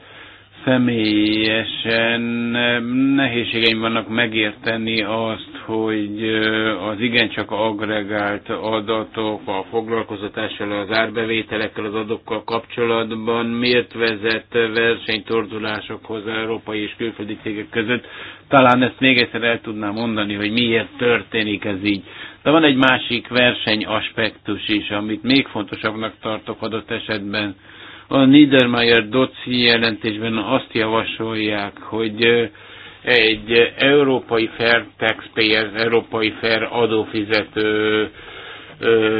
Speaker 1: Személyesen eh, nehézségeim vannak megérteni azt, hogy eh, az igencsak agregált adatok a foglalkozatással, az árbevételekkel, az adokkal kapcsolatban miért vezet versenytorzulásokhoz európai és külföldi cégek között. Talán ezt még egyszer el tudnám mondani, hogy miért történik ez így. De van egy másik versenyaspektus is, amit még fontosabbnak tartok adott esetben, a Niedermayer doci jelentésben azt javasolják, hogy egy európai fair taxpayer, európai fair adófizető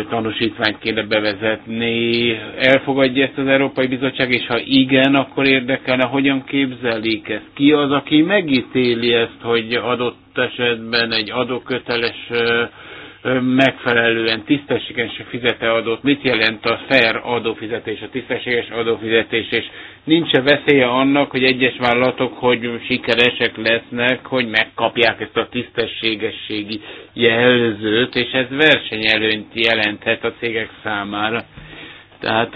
Speaker 1: tanúsítványt kéne bevezetni. Elfogadja ezt az Európai Bizottság, és ha igen, akkor érdekelne, hogyan képzelik ezt. Ki az, aki megítéli ezt, hogy adott esetben egy adóköteles megfelelően tisztességesen fizete adót, mit jelent a fair adófizetés, a tisztességes adófizetés, és nincs-e veszélye annak, hogy egyes vállalatok, hogy sikeresek lesznek, hogy megkapják ezt a tisztességességi jelzőt, és ez versenyelőnyt jelenthet a cégek számára. Tehát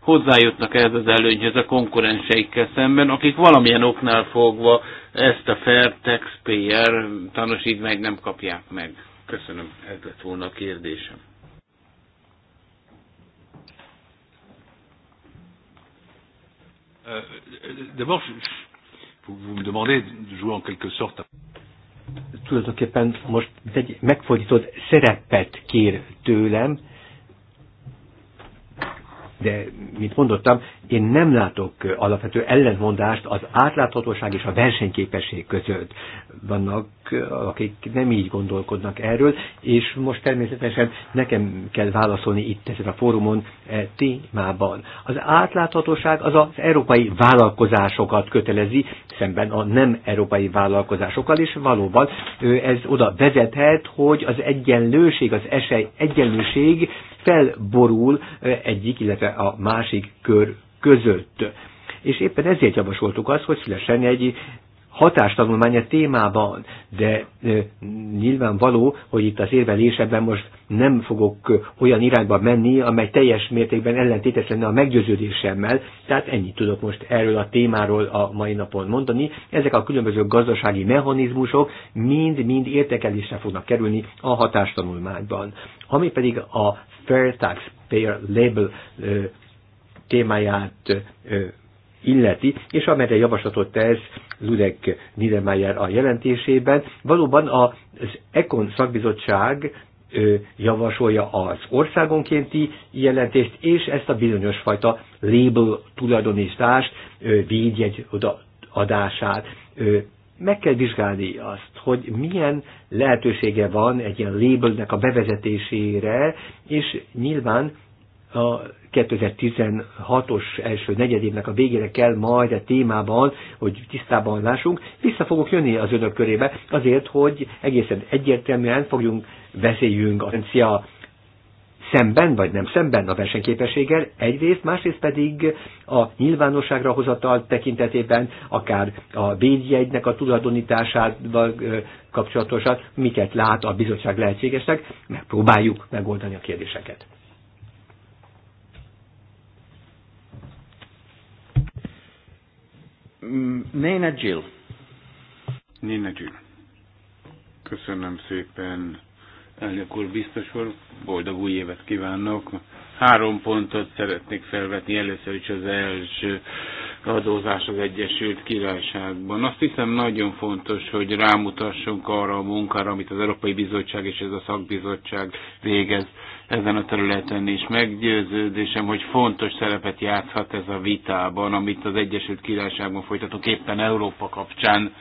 Speaker 1: hozzájutnak ez az előnyhöz a konkurenseikkel szemben, akik valamilyen oknál fogva ezt a Fair Taxpayer tanúsítványt nem kapják meg. Köszönöm, ez lett volna a kérdésem. Euh, de most,
Speaker 2: Tulajdonképpen most egy megfordított szerepet kér tőlem, de, mint mondottam, én nem látok alapvető ellentmondást az átláthatóság és a versenyképesség között. Vannak, akik nem így gondolkodnak erről, és most természetesen nekem kell válaszolni itt ezen a fórumon e témában. Az átláthatóság az az európai vállalkozásokat kötelezi, szemben a nem európai vállalkozásokkal, és valóban ez oda vezethet, hogy az egyenlőség, az esély egyenlőség felborul egyik, illetve a másik kör között. És éppen ezért javasoltuk azt, hogy szülessen egy hatástanulmány a témában, de e, nyilvánvaló, hogy itt az érvelésebben most nem fogok olyan irányba menni, amely teljes mértékben ellentétes lenne a meggyőződésemmel, tehát ennyit tudok most erről a témáról a mai napon mondani. Ezek a különböző gazdasági mechanizmusok mind-mind értekelésre fognak kerülni a hatástanulmányban. Ami pedig a Fair Tax Payer Label témáját illeti, és amelyre javaslatot tesz Ludek Niedermayer a jelentésében. Valóban az ECON szakbizottság javasolja az országonkénti jelentést, és ezt a bizonyos fajta label tulajdonítást, védjegy adását. Meg kell vizsgálni azt, hogy milyen lehetősége van egy ilyen labelnek a bevezetésére, és nyilván a 2016-os első negyedévnek a végére kell majd a témában, hogy tisztában lássunk, vissza fogok jönni az önök körébe azért, hogy egészen egyértelműen fogjunk, beszéljünk a francia szemben vagy nem szemben a versenyképességgel, egyrészt, másrészt pedig a nyilvánosságra hozatal tekintetében, akár a védjegynek a tulajdonításával kapcsolatosan, miket lát a bizottság lehetségesnek, megpróbáljuk megoldani a kérdéseket.
Speaker 1: Mm, Néna Jill. Néna Jill. Köszönöm szépen. Elnök úr, biztos úr, boldog új évet kívánok. Három pontot szeretnék felvetni. Először is az első adózás az Egyesült Királyságban. Azt hiszem nagyon fontos, hogy rámutassunk arra a munkára, amit az Európai Bizottság és ez a szakbizottság végez ezen a területen, és meggyőződésem, hogy fontos szerepet játszhat ez a vitában, amit az Egyesült Királyságban folytatunk éppen Európa kapcsán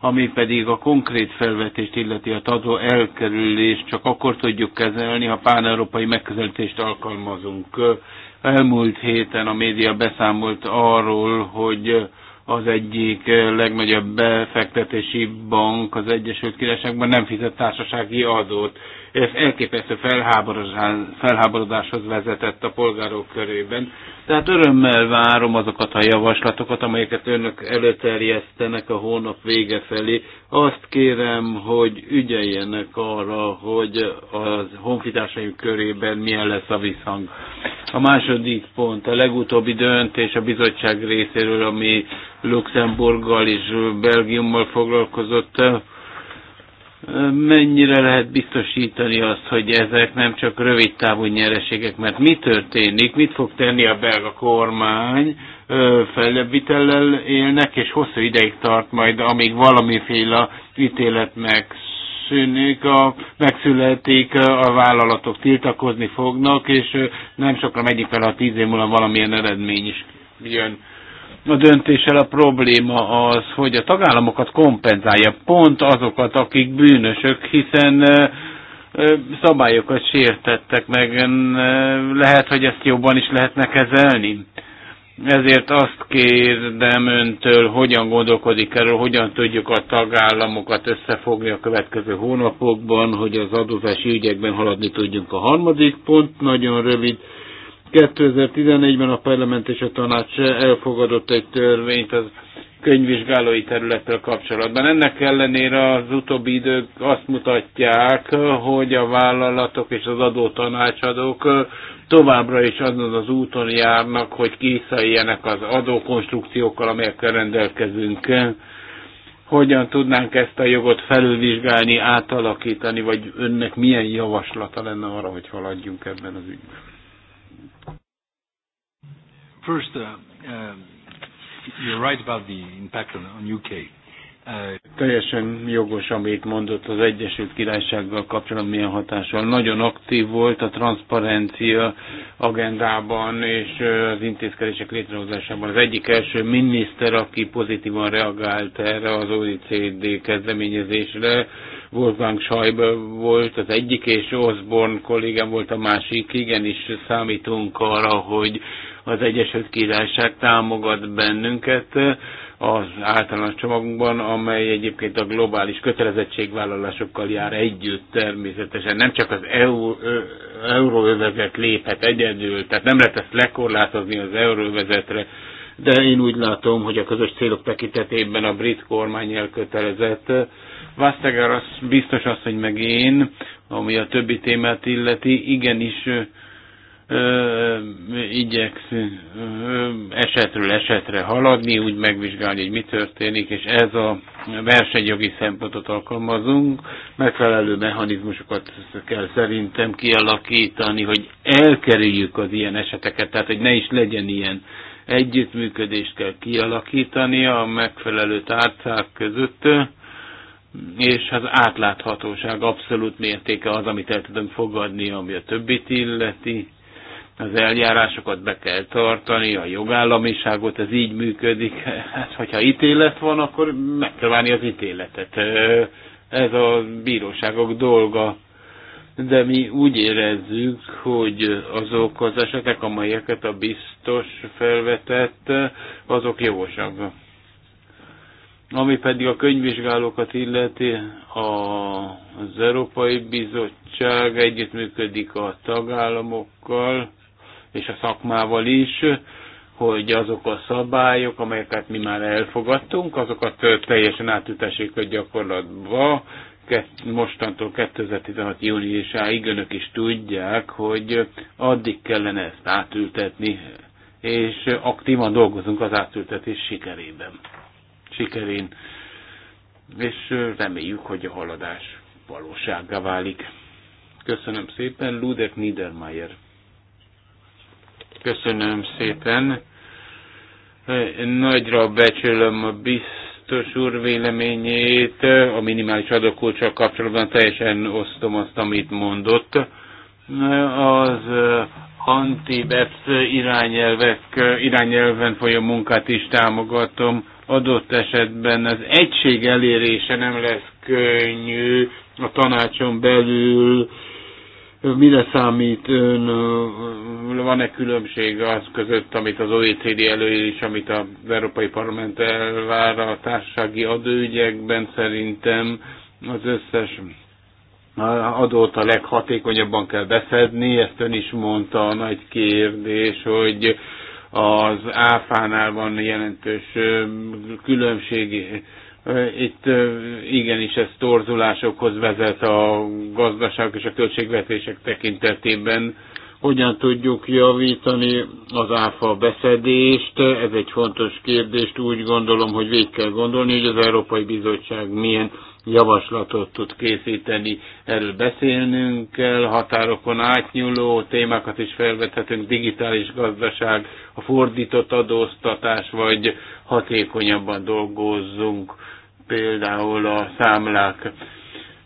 Speaker 1: ami pedig a konkrét felvetést illeti a tadó elkerülést, csak akkor tudjuk kezelni, ha pán-európai megközelítést alkalmazunk. Elmúlt héten a média beszámolt arról, hogy az egyik legnagyobb befektetési bank az Egyesült Királyságban nem fizet társasági adót ez elképesztő felháborodáshoz vezetett a polgárok körében. Tehát örömmel várom azokat a javaslatokat, amelyeket önök előterjesztenek a hónap vége felé. Azt kérem, hogy ügyeljenek arra, hogy az honfitársaim körében milyen lesz a visszhang. A második pont, a legutóbbi döntés a bizottság részéről, ami Luxemburggal és Belgiummal foglalkozott, mennyire lehet biztosítani azt, hogy ezek nem csak rövid távú nyereségek, mert mi történik, mit fog tenni a belga kormány, fellebbvitellel élnek, és hosszú ideig tart majd, amíg valamiféle ítélet megszűnik, a, megszületik, a vállalatok tiltakozni fognak, és nem sokra megyik fel, a tíz év múlva valamilyen eredmény is jön a döntéssel a probléma az, hogy a tagállamokat kompenzálja, pont azokat, akik bűnösök, hiszen szabályokat sértettek meg, lehet, hogy ezt jobban is lehetne kezelni. Ezért azt kérdem öntől, hogyan gondolkodik erről, hogyan tudjuk a tagállamokat összefogni a következő hónapokban, hogy az adózási ügyekben haladni tudjunk. A harmadik pont nagyon rövid, 2014-ben a parlament és a tanács elfogadott egy törvényt az könyvvizsgálói területtel kapcsolatban. Ennek ellenére az utóbbi idők azt mutatják, hogy a vállalatok és az adótanácsadók továbbra is azon az úton járnak, hogy készüljenek az adókonstrukciókkal, amelyekkel rendelkezünk. Hogyan tudnánk ezt a jogot felülvizsgálni, átalakítani, vagy önnek milyen javaslata lenne arra, hogy haladjunk ebben az ügyben? First,
Speaker 2: uh, uh, you're right about the impact on, UK.
Speaker 1: Uh, Teljesen jogos, amit mondott az Egyesült Királysággal kapcsolatban, milyen hatással. Nagyon aktív volt a transzparencia agendában és az intézkedések létrehozásában. Az egyik első miniszter, aki pozitívan reagált erre az OECD kezdeményezésre, Wolfgang Schäuble volt az egyik, és Osborne kollégám volt a másik. Igenis számítunk arra, hogy az Egyesült Királyság támogat bennünket az általános csomagunkban, amely egyébként a globális kötelezettségvállalásokkal jár együtt természetesen. Nem csak az EU, euróövezet léphet egyedül, tehát nem lehet ezt lekorlátozni az euróövezetre, de én úgy látom, hogy a közös célok tekintetében a brit kormány elkötelezett. Vasztager az biztos azt, hogy meg én, ami a többi témát illeti, igenis ö, igyeksz ö, esetről esetre haladni, úgy megvizsgálni, hogy mi történik, és ez a versenyjogi szempontot alkalmazunk, megfelelő mechanizmusokat kell szerintem kialakítani, hogy elkerüljük az ilyen eseteket, tehát hogy ne is legyen ilyen együttműködést kell kialakítani a megfelelő tárcák között, és az átláthatóság abszolút mértéke az, amit el tudunk fogadni, ami a többit illeti az eljárásokat be kell tartani, a jogállamiságot, ez így működik. Hát, hogyha ítélet van, akkor meg kell várni az ítéletet. Ez a bíróságok dolga. De mi úgy érezzük, hogy azok az esetek, amelyeket a biztos felvetett, azok jogosak. Ami pedig a könyvvizsgálókat illeti, az Európai Bizottság együttműködik a tagállamokkal, és a szakmával is, hogy azok a szabályok, amelyeket mi már elfogadtunk, azokat teljesen átütessék a gyakorlatba. Mostantól 2016. júniusáig önök is tudják, hogy addig kellene ezt átültetni, és aktívan dolgozunk az átültetés sikerében. Sikerén. És reméljük, hogy a haladás valósággá válik. Köszönöm szépen, Ludek Niedermayer. Köszönöm szépen. Nagyra becsülöm a biztos úr véleményét. A minimális adókulcsal kapcsolatban teljesen osztom azt, amit mondott. Az eh, anti-BEPS irányelvek, eh, irányelven folyó munkát is támogatom. Adott esetben az egység elérése nem lesz könnyű a tanácson belül, Mire számít ön, van-e különbség az között, amit az OECD előír és amit az Európai Parlament elvár a társasági adóügyekben szerintem az összes adót a leghatékonyabban kell beszedni, ezt ön is mondta, a nagy kérdés, hogy az áfánál van jelentős különbség, itt igenis ez torzulásokhoz vezet a gazdaság és a költségvetések tekintetében. Hogyan tudjuk javítani az áfa beszedést? Ez egy fontos kérdést. Úgy gondolom, hogy végig kell gondolni, hogy az Európai Bizottság milyen javaslatot tud készíteni. Erről beszélnünk kell, határokon átnyúló témákat is felvethetünk, digitális gazdaság, a fordított adóztatás, vagy hatékonyabban dolgozzunk, például a számlák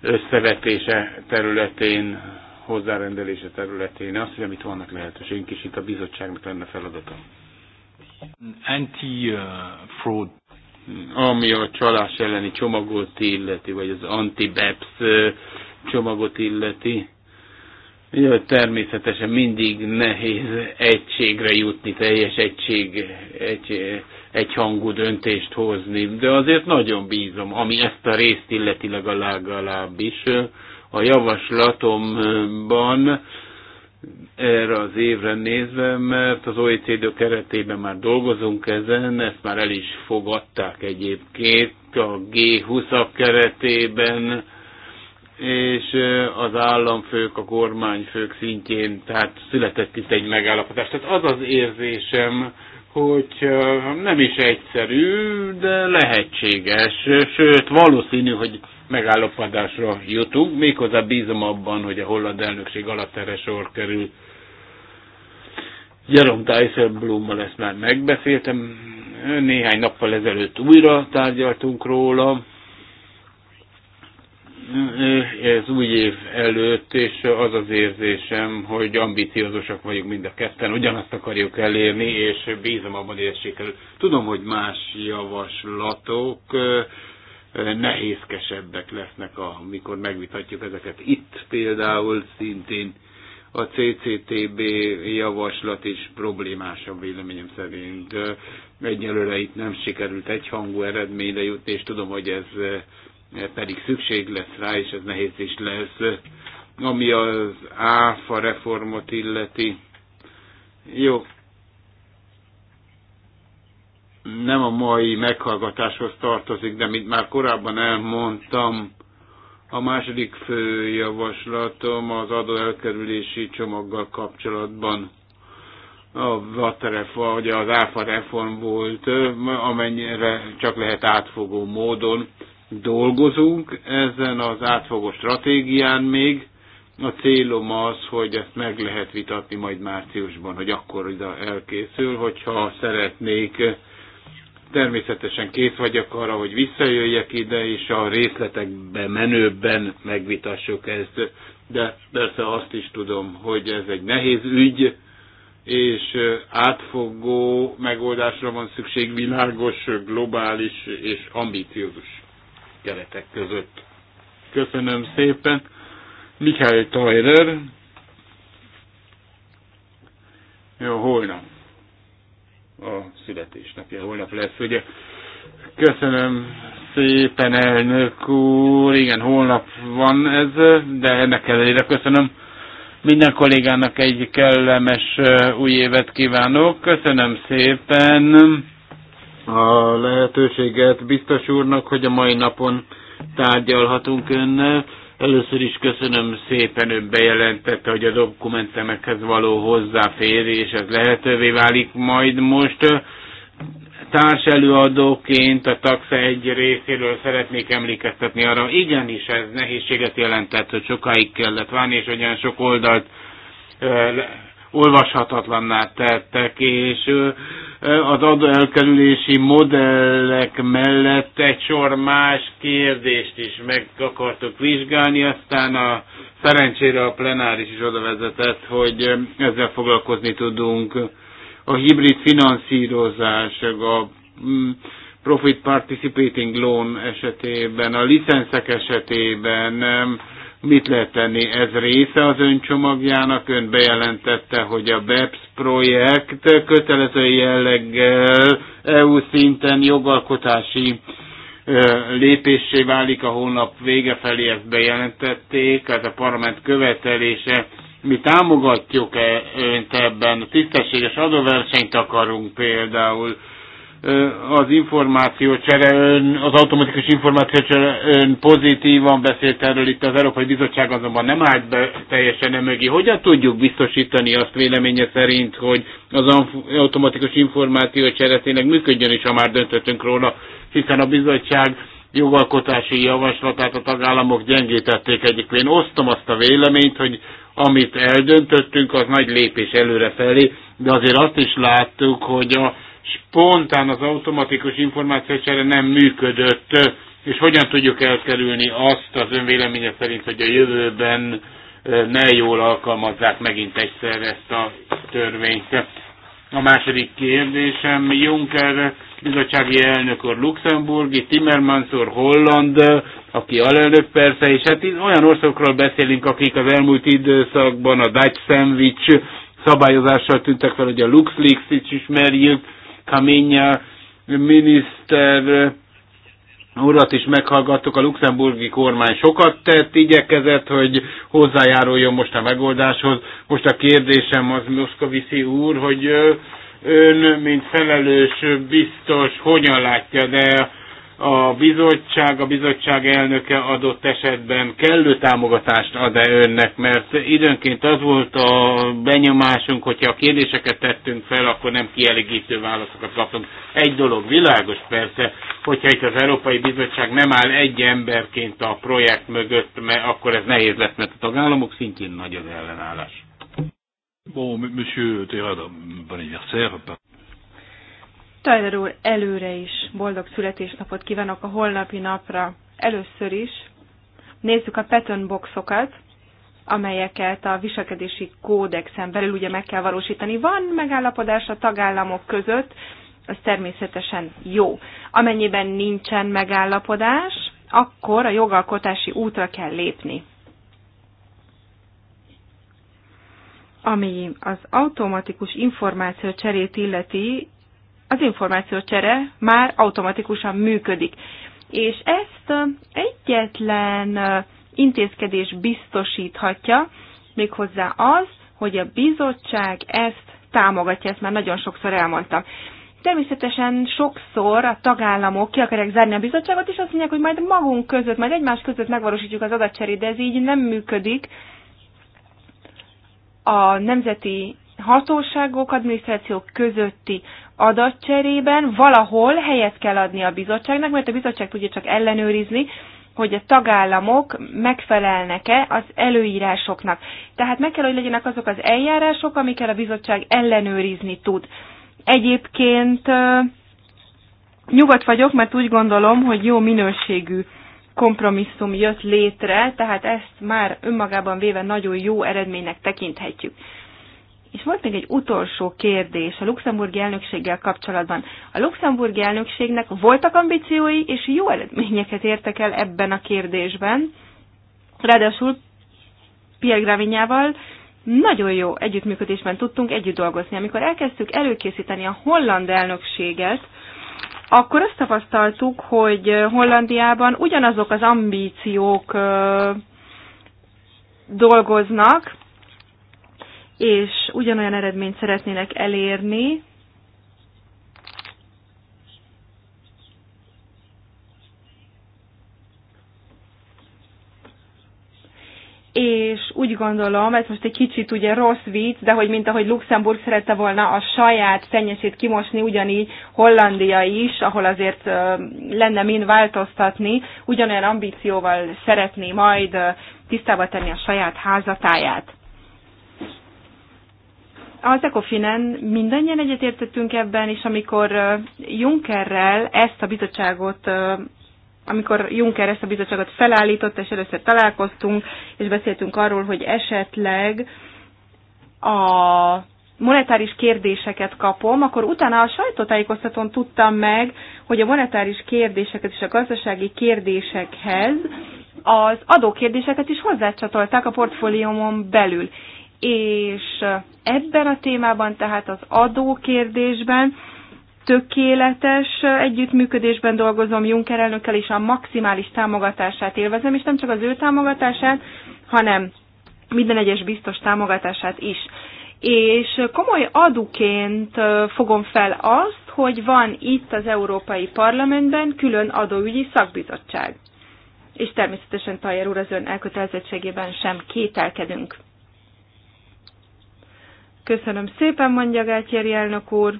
Speaker 1: összevetése területén, hozzárendelése területén. Azt hiszem, itt vannak lehetőségünk, és itt a bizottságnak lenne feladata. Anti-fraud uh, ami a csalás elleni csomagot illeti, vagy az anti-BEPS csomagot illeti. Ugye, természetesen mindig nehéz egységre jutni, teljes egység, egy, egyhangú döntést hozni, de azért nagyon bízom, ami ezt a részt illeti is A javaslatomban erre az évre nézve, mert az OECD keretében már dolgozunk ezen, ezt már el is fogadták egyébként a G20-ak keretében, és az államfők, a kormányfők szintjén, tehát született itt egy megállapodás. Tehát az az érzésem, hogy nem is egyszerű, de lehetséges, sőt valószínű, hogy megállapodásra jutunk, méghozzá bízom abban, hogy a holland elnökség alatt erre sor kerül. Jerome Dijsselbloommal ezt már megbeszéltem, néhány nappal ezelőtt újra tárgyaltunk róla, ez új év előtt, és az az érzésem, hogy ambiciózusak vagyunk mind a ketten, ugyanazt akarjuk elérni, és bízom abban, hogy ez sikerül. Tudom, hogy más javaslatok nehézkesebbek lesznek, amikor megvitatjuk ezeket. Itt például szintén a CCTB javaslat is problémásabb véleményem szerint. Egyelőre itt nem sikerült egyhangú eredményre jutni, és tudom, hogy ez e, pedig szükség lesz rá, és ez nehéz is lesz. Ami az ÁFA reformot illeti, jó, nem a mai meghallgatáshoz tartozik, de mint már korábban elmondtam, a második fő javaslatom az adóelkerülési csomaggal kapcsolatban a VAT reform, ugye az áfa reform volt, amennyire csak lehet átfogó módon dolgozunk ezen az átfogó stratégián még. A célom az, hogy ezt meg lehet vitatni majd márciusban, hogy akkor ide elkészül, hogyha szeretnék Természetesen kész vagyok arra, hogy visszajöjjek ide, és a részletekbe menőbben megvitassuk ezt. De persze azt is tudom, hogy ez egy nehéz ügy, és átfogó megoldásra van szükség világos, globális és ambíciózus keretek között. Köszönöm szépen. Mihály Tajler. Jó, holnap a születésnapja holnap lesz, ugye? Köszönöm szépen, elnök úr. Igen, holnap van ez, de ennek ellenére köszönöm. Minden kollégának egy kellemes új évet kívánok. Köszönöm szépen a lehetőséget biztos úrnak, hogy a mai napon tárgyalhatunk önnel. Először is köszönöm szépen, ön bejelentette, hogy a dokumentemekhez való hozzáférés, ez lehetővé válik majd most. Társelőadóként a taxa egy részéről szeretnék emlékeztetni arra, igenis ez nehézséget jelentett, hogy sokáig kellett várni, és olyan sok oldalt olvashatatlanná tettek, és az adóelkerülési modellek mellett egy sor más kérdést is meg akartok vizsgálni, aztán a szerencsére a plenáris is oda vezetett, hogy ezzel foglalkozni tudunk. A hibrid finanszírozás, a mm, profit participating loan esetében, a licenszek esetében, mit lehet tenni? Ez része az ön csomagjának? Ön bejelentette, hogy a BEPS projekt kötelező jelleggel EU szinten jogalkotási lépéssé válik a hónap vége felé, ezt bejelentették, ez hát a parlament követelése. Mi támogatjuk -e önt ebben, tisztességes adóversenyt akarunk például, az információcsere, ön, az automatikus információcsere ön pozitívan beszélt erről itt az Európai Bizottság azonban nem állt be teljesen emögi. Hogyan tudjuk biztosítani azt véleménye szerint, hogy az automatikus információcsere tényleg működjön is, ha már döntöttünk róla, hiszen a bizottság jogalkotási javaslatát a tagállamok gyengítették egyik. Én osztom azt a véleményt, hogy amit eldöntöttünk, az nagy lépés előre felé, de azért azt is láttuk, hogy a spontán az automatikus információcsere nem működött, és hogyan tudjuk elkerülni azt az önvéleménye szerint, hogy a jövőben eh, ne jól alkalmazzák megint egyszer ezt a törvényt. A második kérdésem, Juncker bizottsági elnök úr Luxemburgi, Timmermans úr Holland, aki alelnök persze, és hát olyan országokról beszélünk, akik az elmúlt időszakban a Dutch Sandwich szabályozással tűntek fel, hogy a luxleaks is ismerjük, Kaminya miniszter urat is meghallgattuk, a luxemburgi kormány sokat tett, igyekezett, hogy hozzájáruljon most a megoldáshoz. Most a kérdésem az Moszkoviszi úr, hogy ön, mint felelős biztos, hogyan látja, de a bizottság, a bizottság elnöke adott esetben kellő támogatást ad-e önnek, mert időnként az volt a benyomásunk, hogyha a kérdéseket tettünk fel, akkor nem kielégítő válaszokat kaptunk. Egy dolog világos persze, hogyha itt az Európai Bizottság nem áll egy emberként a projekt mögött, mert akkor ez nehéz lesz, mert a tagállamok szintjén nagy az ellenállás.
Speaker 3: Bon, monsieur Terrad, bon anniversaire. Tajder úr, előre is boldog születésnapot kívánok a holnapi napra. Először is nézzük a pattern boxokat, amelyeket a viselkedési kódexen belül ugye meg kell valósítani. Van megállapodás a tagállamok között, az természetesen jó. Amennyiben nincsen megállapodás, akkor a jogalkotási útra kell lépni. Ami az automatikus információ cserét illeti, az információcsere már automatikusan működik. És ezt egyetlen intézkedés biztosíthatja, méghozzá az, hogy a bizottság ezt támogatja, ezt már nagyon sokszor elmondtam. Természetesen sokszor a tagállamok ki akarják zárni a bizottságot, és azt mondják, hogy majd magunk között, majd egymás között megvalósítjuk az adatcserét, de ez így nem működik. A nemzeti hatóságok, adminisztrációk közötti adatcserében valahol helyet kell adni a bizottságnak, mert a bizottság tudja csak ellenőrizni, hogy a tagállamok megfelelnek-e az előírásoknak. Tehát meg kell, hogy legyenek azok az eljárások, amikkel a bizottság ellenőrizni tud. Egyébként nyugodt vagyok, mert úgy gondolom, hogy jó minőségű kompromisszum jött létre, tehát ezt már önmagában véve nagyon jó eredménynek tekinthetjük. És volt még egy utolsó kérdés a luxemburgi elnökséggel kapcsolatban. A luxemburgi elnökségnek voltak ambíciói, és jó eredményeket értek el ebben a kérdésben. Ráadásul Pierre Gravinyával nagyon jó együttműködésben tudtunk együtt dolgozni. Amikor elkezdtük előkészíteni a holland elnökséget, akkor azt tapasztaltuk, hogy Hollandiában ugyanazok az ambíciók dolgoznak, és ugyanolyan eredményt szeretnének elérni, és úgy gondolom, ez most egy kicsit ugye rossz vicc, de hogy mint ahogy Luxemburg szerette volna a saját szennyesét kimosni, ugyanígy Hollandia is, ahol azért lenne mind változtatni, ugyanolyan ambícióval szeretné majd tisztába tenni a saját házatáját az Ecofinen mindannyian egyetértettünk ebben, és amikor Junckerrel ezt a bizottságot amikor Juncker ezt a bizottságot felállította, és először találkoztunk, és beszéltünk arról, hogy esetleg a monetáris kérdéseket kapom, akkor utána a sajtótájékoztatón tudtam meg, hogy a monetáris kérdéseket és a gazdasági kérdésekhez az adókérdéseket is hozzácsatolták a portfóliómon belül és ebben a témában, tehát az adókérdésben tökéletes együttműködésben dolgozom Juncker elnökkel, és a maximális támogatását élvezem, és nem csak az ő támogatását, hanem minden egyes biztos támogatását is. És komoly aduként fogom fel azt, hogy van itt az Európai Parlamentben külön adóügyi szakbizottság. És természetesen Tajer úr az ön elkötelezettségében sem kételkedünk. Köszönöm szépen, mondja Gátyeri elnök úr.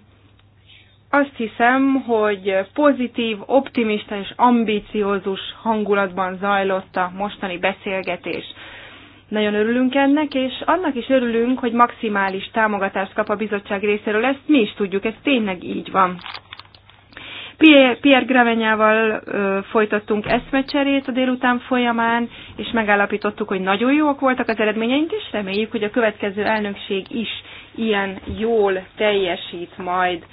Speaker 3: Azt hiszem, hogy pozitív, optimista és ambíciózus hangulatban zajlott a mostani beszélgetés. Nagyon örülünk ennek, és annak is örülünk, hogy maximális támogatást kap a bizottság részéről. Ezt mi is tudjuk, ez tényleg így van. Pierre, Gravenyával folytattunk eszmecserét a délután folyamán, és megállapítottuk, hogy nagyon jók voltak az eredményeink, és reméljük, hogy a következő elnökség is ilyen jól teljesít majd.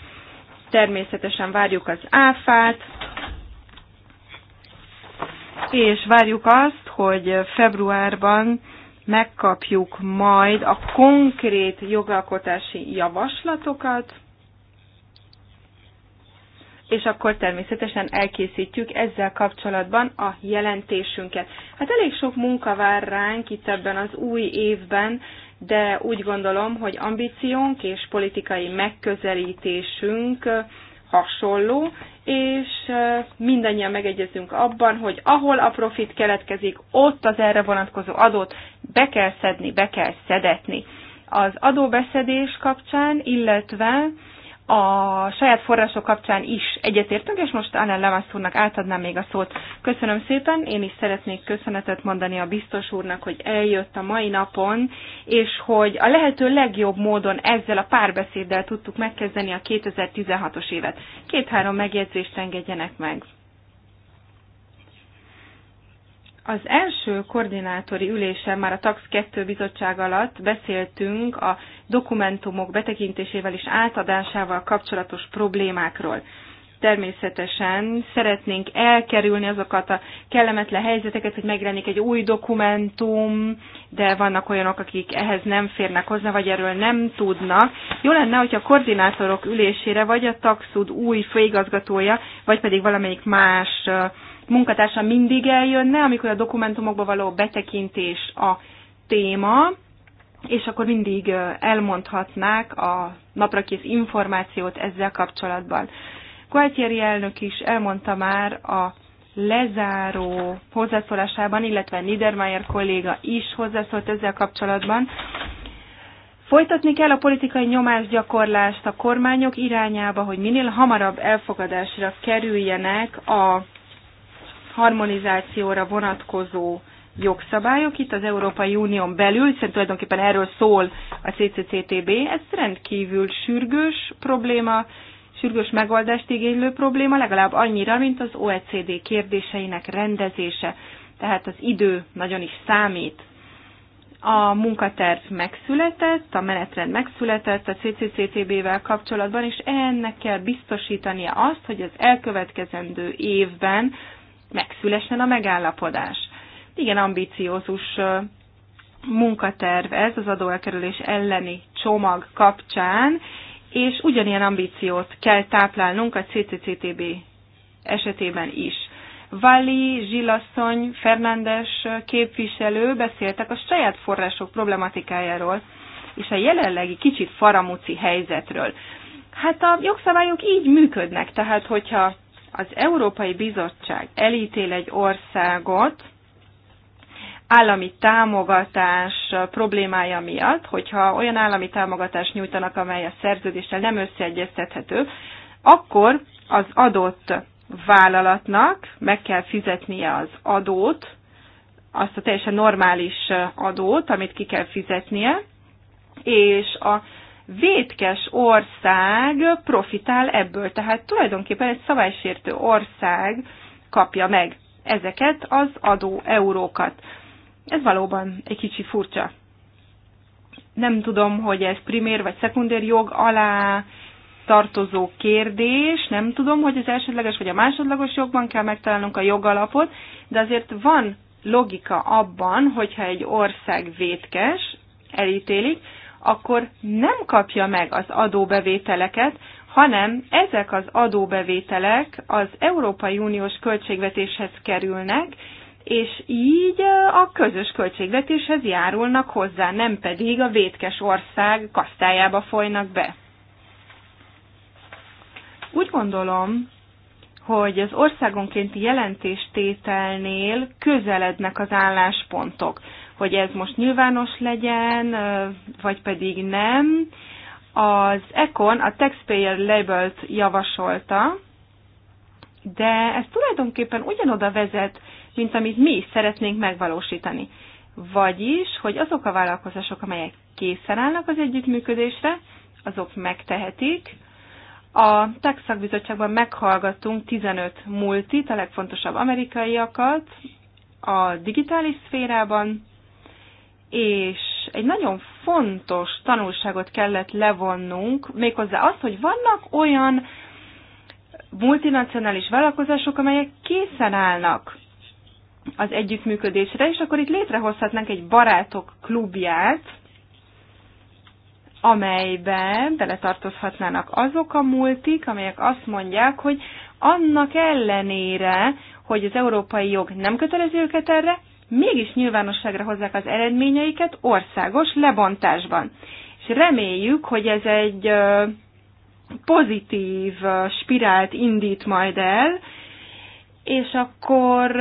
Speaker 3: Természetesen várjuk az áfát, és várjuk azt, hogy februárban megkapjuk majd a konkrét jogalkotási javaslatokat, és akkor természetesen elkészítjük ezzel kapcsolatban a jelentésünket. Hát elég sok munka vár ránk itt ebben az új évben, de úgy gondolom, hogy ambíciónk és politikai megközelítésünk hasonló, és mindannyian megegyezünk abban, hogy ahol a profit keletkezik, ott az erre vonatkozó adót be kell szedni, be kell szedetni. Az adóbeszedés kapcsán, illetve a saját források kapcsán is egyetértünk, és most Anel Levász úrnak átadnám még a szót. Köszönöm szépen, én is szeretnék köszönetet mondani a biztos úrnak, hogy eljött a mai napon, és hogy a lehető legjobb módon ezzel a párbeszéddel tudtuk megkezdeni a 2016-os évet. Két-három megjegyzést engedjenek meg. Az első koordinátori ülésen már a TAX 2 bizottság alatt beszéltünk a dokumentumok betekintésével és átadásával kapcsolatos problémákról. Természetesen szeretnénk elkerülni azokat a kellemetlen helyzeteket, hogy megjelenik egy új dokumentum, de vannak olyanok, akik ehhez nem férnek hozzá, vagy erről nem tudnak. Jó lenne, hogy a koordinátorok ülésére, vagy a taxud új főigazgatója, vagy pedig valamelyik más uh, munkatársa mindig eljönne, amikor a dokumentumokba való betekintés a téma, és akkor mindig elmondhatnák a naprakész információt ezzel kapcsolatban. Gualtieri elnök is elmondta már a lezáró hozzászólásában, illetve Niedermayer kolléga is hozzászólt ezzel kapcsolatban. Folytatni kell a politikai nyomásgyakorlást a kormányok irányába, hogy minél hamarabb elfogadásra kerüljenek a harmonizációra vonatkozó jogszabályok itt az Európai Unión belül, hiszen tulajdonképpen erről szól a CCCTB, ez rendkívül sürgős probléma, sürgős megoldást igénylő probléma, legalább annyira, mint az OECD kérdéseinek rendezése. Tehát az idő nagyon is számít. A munkaterv megszületett, a menetrend megszületett a CCCTB-vel kapcsolatban, és ennek kell biztosítania azt, hogy az elkövetkezendő évben megszülessen a megállapodás. Igen, ambíciózus munkaterv ez az adóelkerülés elleni csomag kapcsán, és ugyanilyen ambíciót kell táplálnunk a CCCTB esetében is. Vali, Zsilasszony, Fernándes képviselő beszéltek a saját források problematikájáról, és a jelenlegi kicsit faramuci helyzetről. Hát a jogszabályok így működnek, tehát hogyha az Európai Bizottság elítél egy országot állami támogatás problémája miatt, hogyha olyan állami támogatást nyújtanak, amely a szerződéssel nem összeegyeztethető, akkor az adott vállalatnak meg kell fizetnie az adót, azt a teljesen normális adót, amit ki kell fizetnie, és a vétkes ország profitál ebből. Tehát tulajdonképpen egy szabálysértő ország kapja meg ezeket az adó eurókat. Ez valóban egy kicsi furcsa. Nem tudom, hogy ez primér vagy szekundér jog alá tartozó kérdés, nem tudom, hogy az elsődleges vagy a másodlagos jogban kell megtalálnunk a jogalapot, de azért van logika abban, hogyha egy ország vétkes, elítélik, akkor nem kapja meg az adóbevételeket, hanem ezek az adóbevételek az Európai Uniós költségvetéshez kerülnek, és így a közös költségvetéshez járulnak hozzá, nem pedig a vétkes ország kasztájába folynak be. Úgy gondolom, hogy az országonkénti jelentéstételnél közelednek az álláspontok hogy ez most nyilvános legyen, vagy pedig nem. Az Econ a Taxpayer Labelt javasolta, de ez tulajdonképpen ugyanoda vezet, mint amit mi is szeretnénk megvalósítani. Vagyis, hogy azok a vállalkozások, amelyek készen állnak az együttműködésre, azok megtehetik. A TAX szakbizottságban meghallgattunk 15 multit, a legfontosabb amerikaiakat a digitális szférában, és egy nagyon fontos tanulságot kellett levonnunk, méghozzá az, hogy vannak olyan multinacionális vállalkozások, amelyek készen állnak az együttműködésre, és akkor itt létrehozhatnánk egy barátok klubját, amelybe beletartozhatnának azok a multik, amelyek azt mondják, hogy annak ellenére, hogy az európai jog nem kötelező őket erre, mégis nyilvánosságra hozzák az eredményeiket országos lebontásban. És reméljük, hogy ez egy pozitív spirált indít majd el, és akkor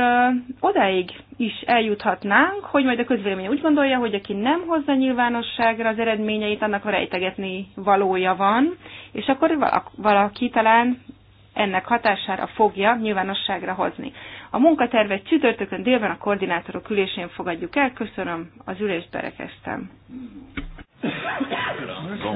Speaker 3: odáig is eljuthatnánk, hogy majd a közvélemény úgy gondolja, hogy aki nem hozza nyilvánosságra az eredményeit, annak a rejtegetni valója van, és akkor valaki talán ennek hatására fogja nyilvánosságra hozni. A munkatervet csütörtökön délben a koordinátorok ülésén fogadjuk el. Köszönöm, az ülést berekeztem.